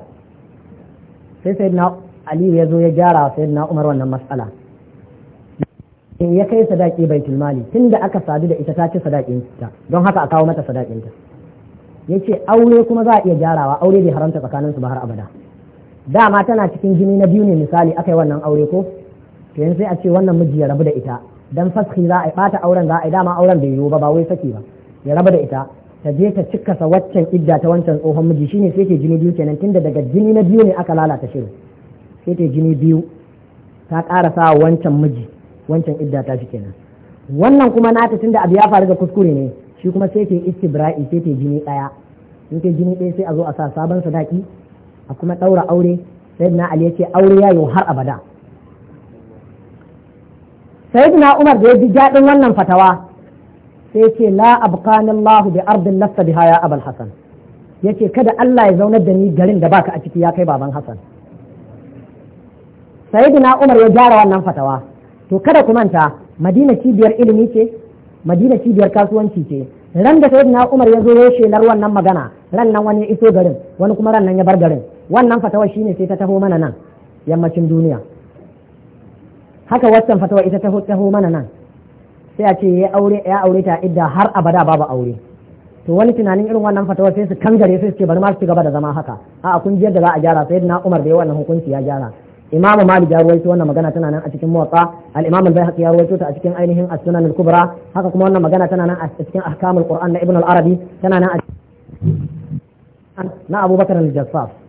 sai sayyidina aliyu ya zo ya gyara wa na umar wannan matsala in ya kai sadaki bai tilmali Tun da aka sadu da ita ta ci sadakin ta don haka a kawo mata sadakin ta ce aure kuma za a iya gyarawa aure bai haramta tsakanin su ba har abada dama tana cikin jini na biyu ne misali aka yi wannan aure ko to yanzu sai a ce wannan miji ya rabu da ita dan faski za a bata auren za a dama auren bai yiwu ba ba wai saki ba ya rabu da ita ta je ta cikasa waccan idda ta wancan tsohon miji shine sai ke jini biyu kenan tunda daga jini na biyu ne aka lalata shirin sai ta jini biyu ta ƙara sa wancan miji wancan idda ta shi kenan wannan kuma nata tunda abu ya faru da kuskure ne shi kuma sai ta istibra'i sai ta jini ɗaya in ta jini ɗaya sai a zo a sa sabon sadaki a kuma ɗaura aure sai na ali ya ce aure ya yi har abada sayyidina umar da ya ji daɗin wannan fatawa sai ce la abqani allah bi ardin lasta biha ya abul hasan yace kada allah ya zaunar da ni garin da baka a ciki ya kai baban hasan sayyidina umar ya gyara wannan fatawa to kada ku manta madina cibiyar ilimi ce madina cibiyar kasuwanci ce ran da sayyidina umar ya zo ya shelar wannan magana ran nan wani ya iso garin wani kuma ran nan ya bar garin wannan fatawa shine sai ta taho mana nan yammacin duniya haka wannan fatawa ita taho taho mana nan sai a ce ya aure ya aure ta idda har abada babu aure to wani tunanin irin wannan fatawa sai su kangare sai su ce bari ma su gaba da zama haka a'a kun ji yadda za a gyara sai na Umar da ya wannan hukunci ya gyara imamu malik ya ruwaito wannan magana tana nan a cikin motsa. al-imamu al-baihaqi ya ruwaito ta a cikin ainihin as-sunan al-kubra haka kuma wannan magana tana nan a cikin ahkamul qur'an na ibn al-arabi tana nan a na abubakar al-jassas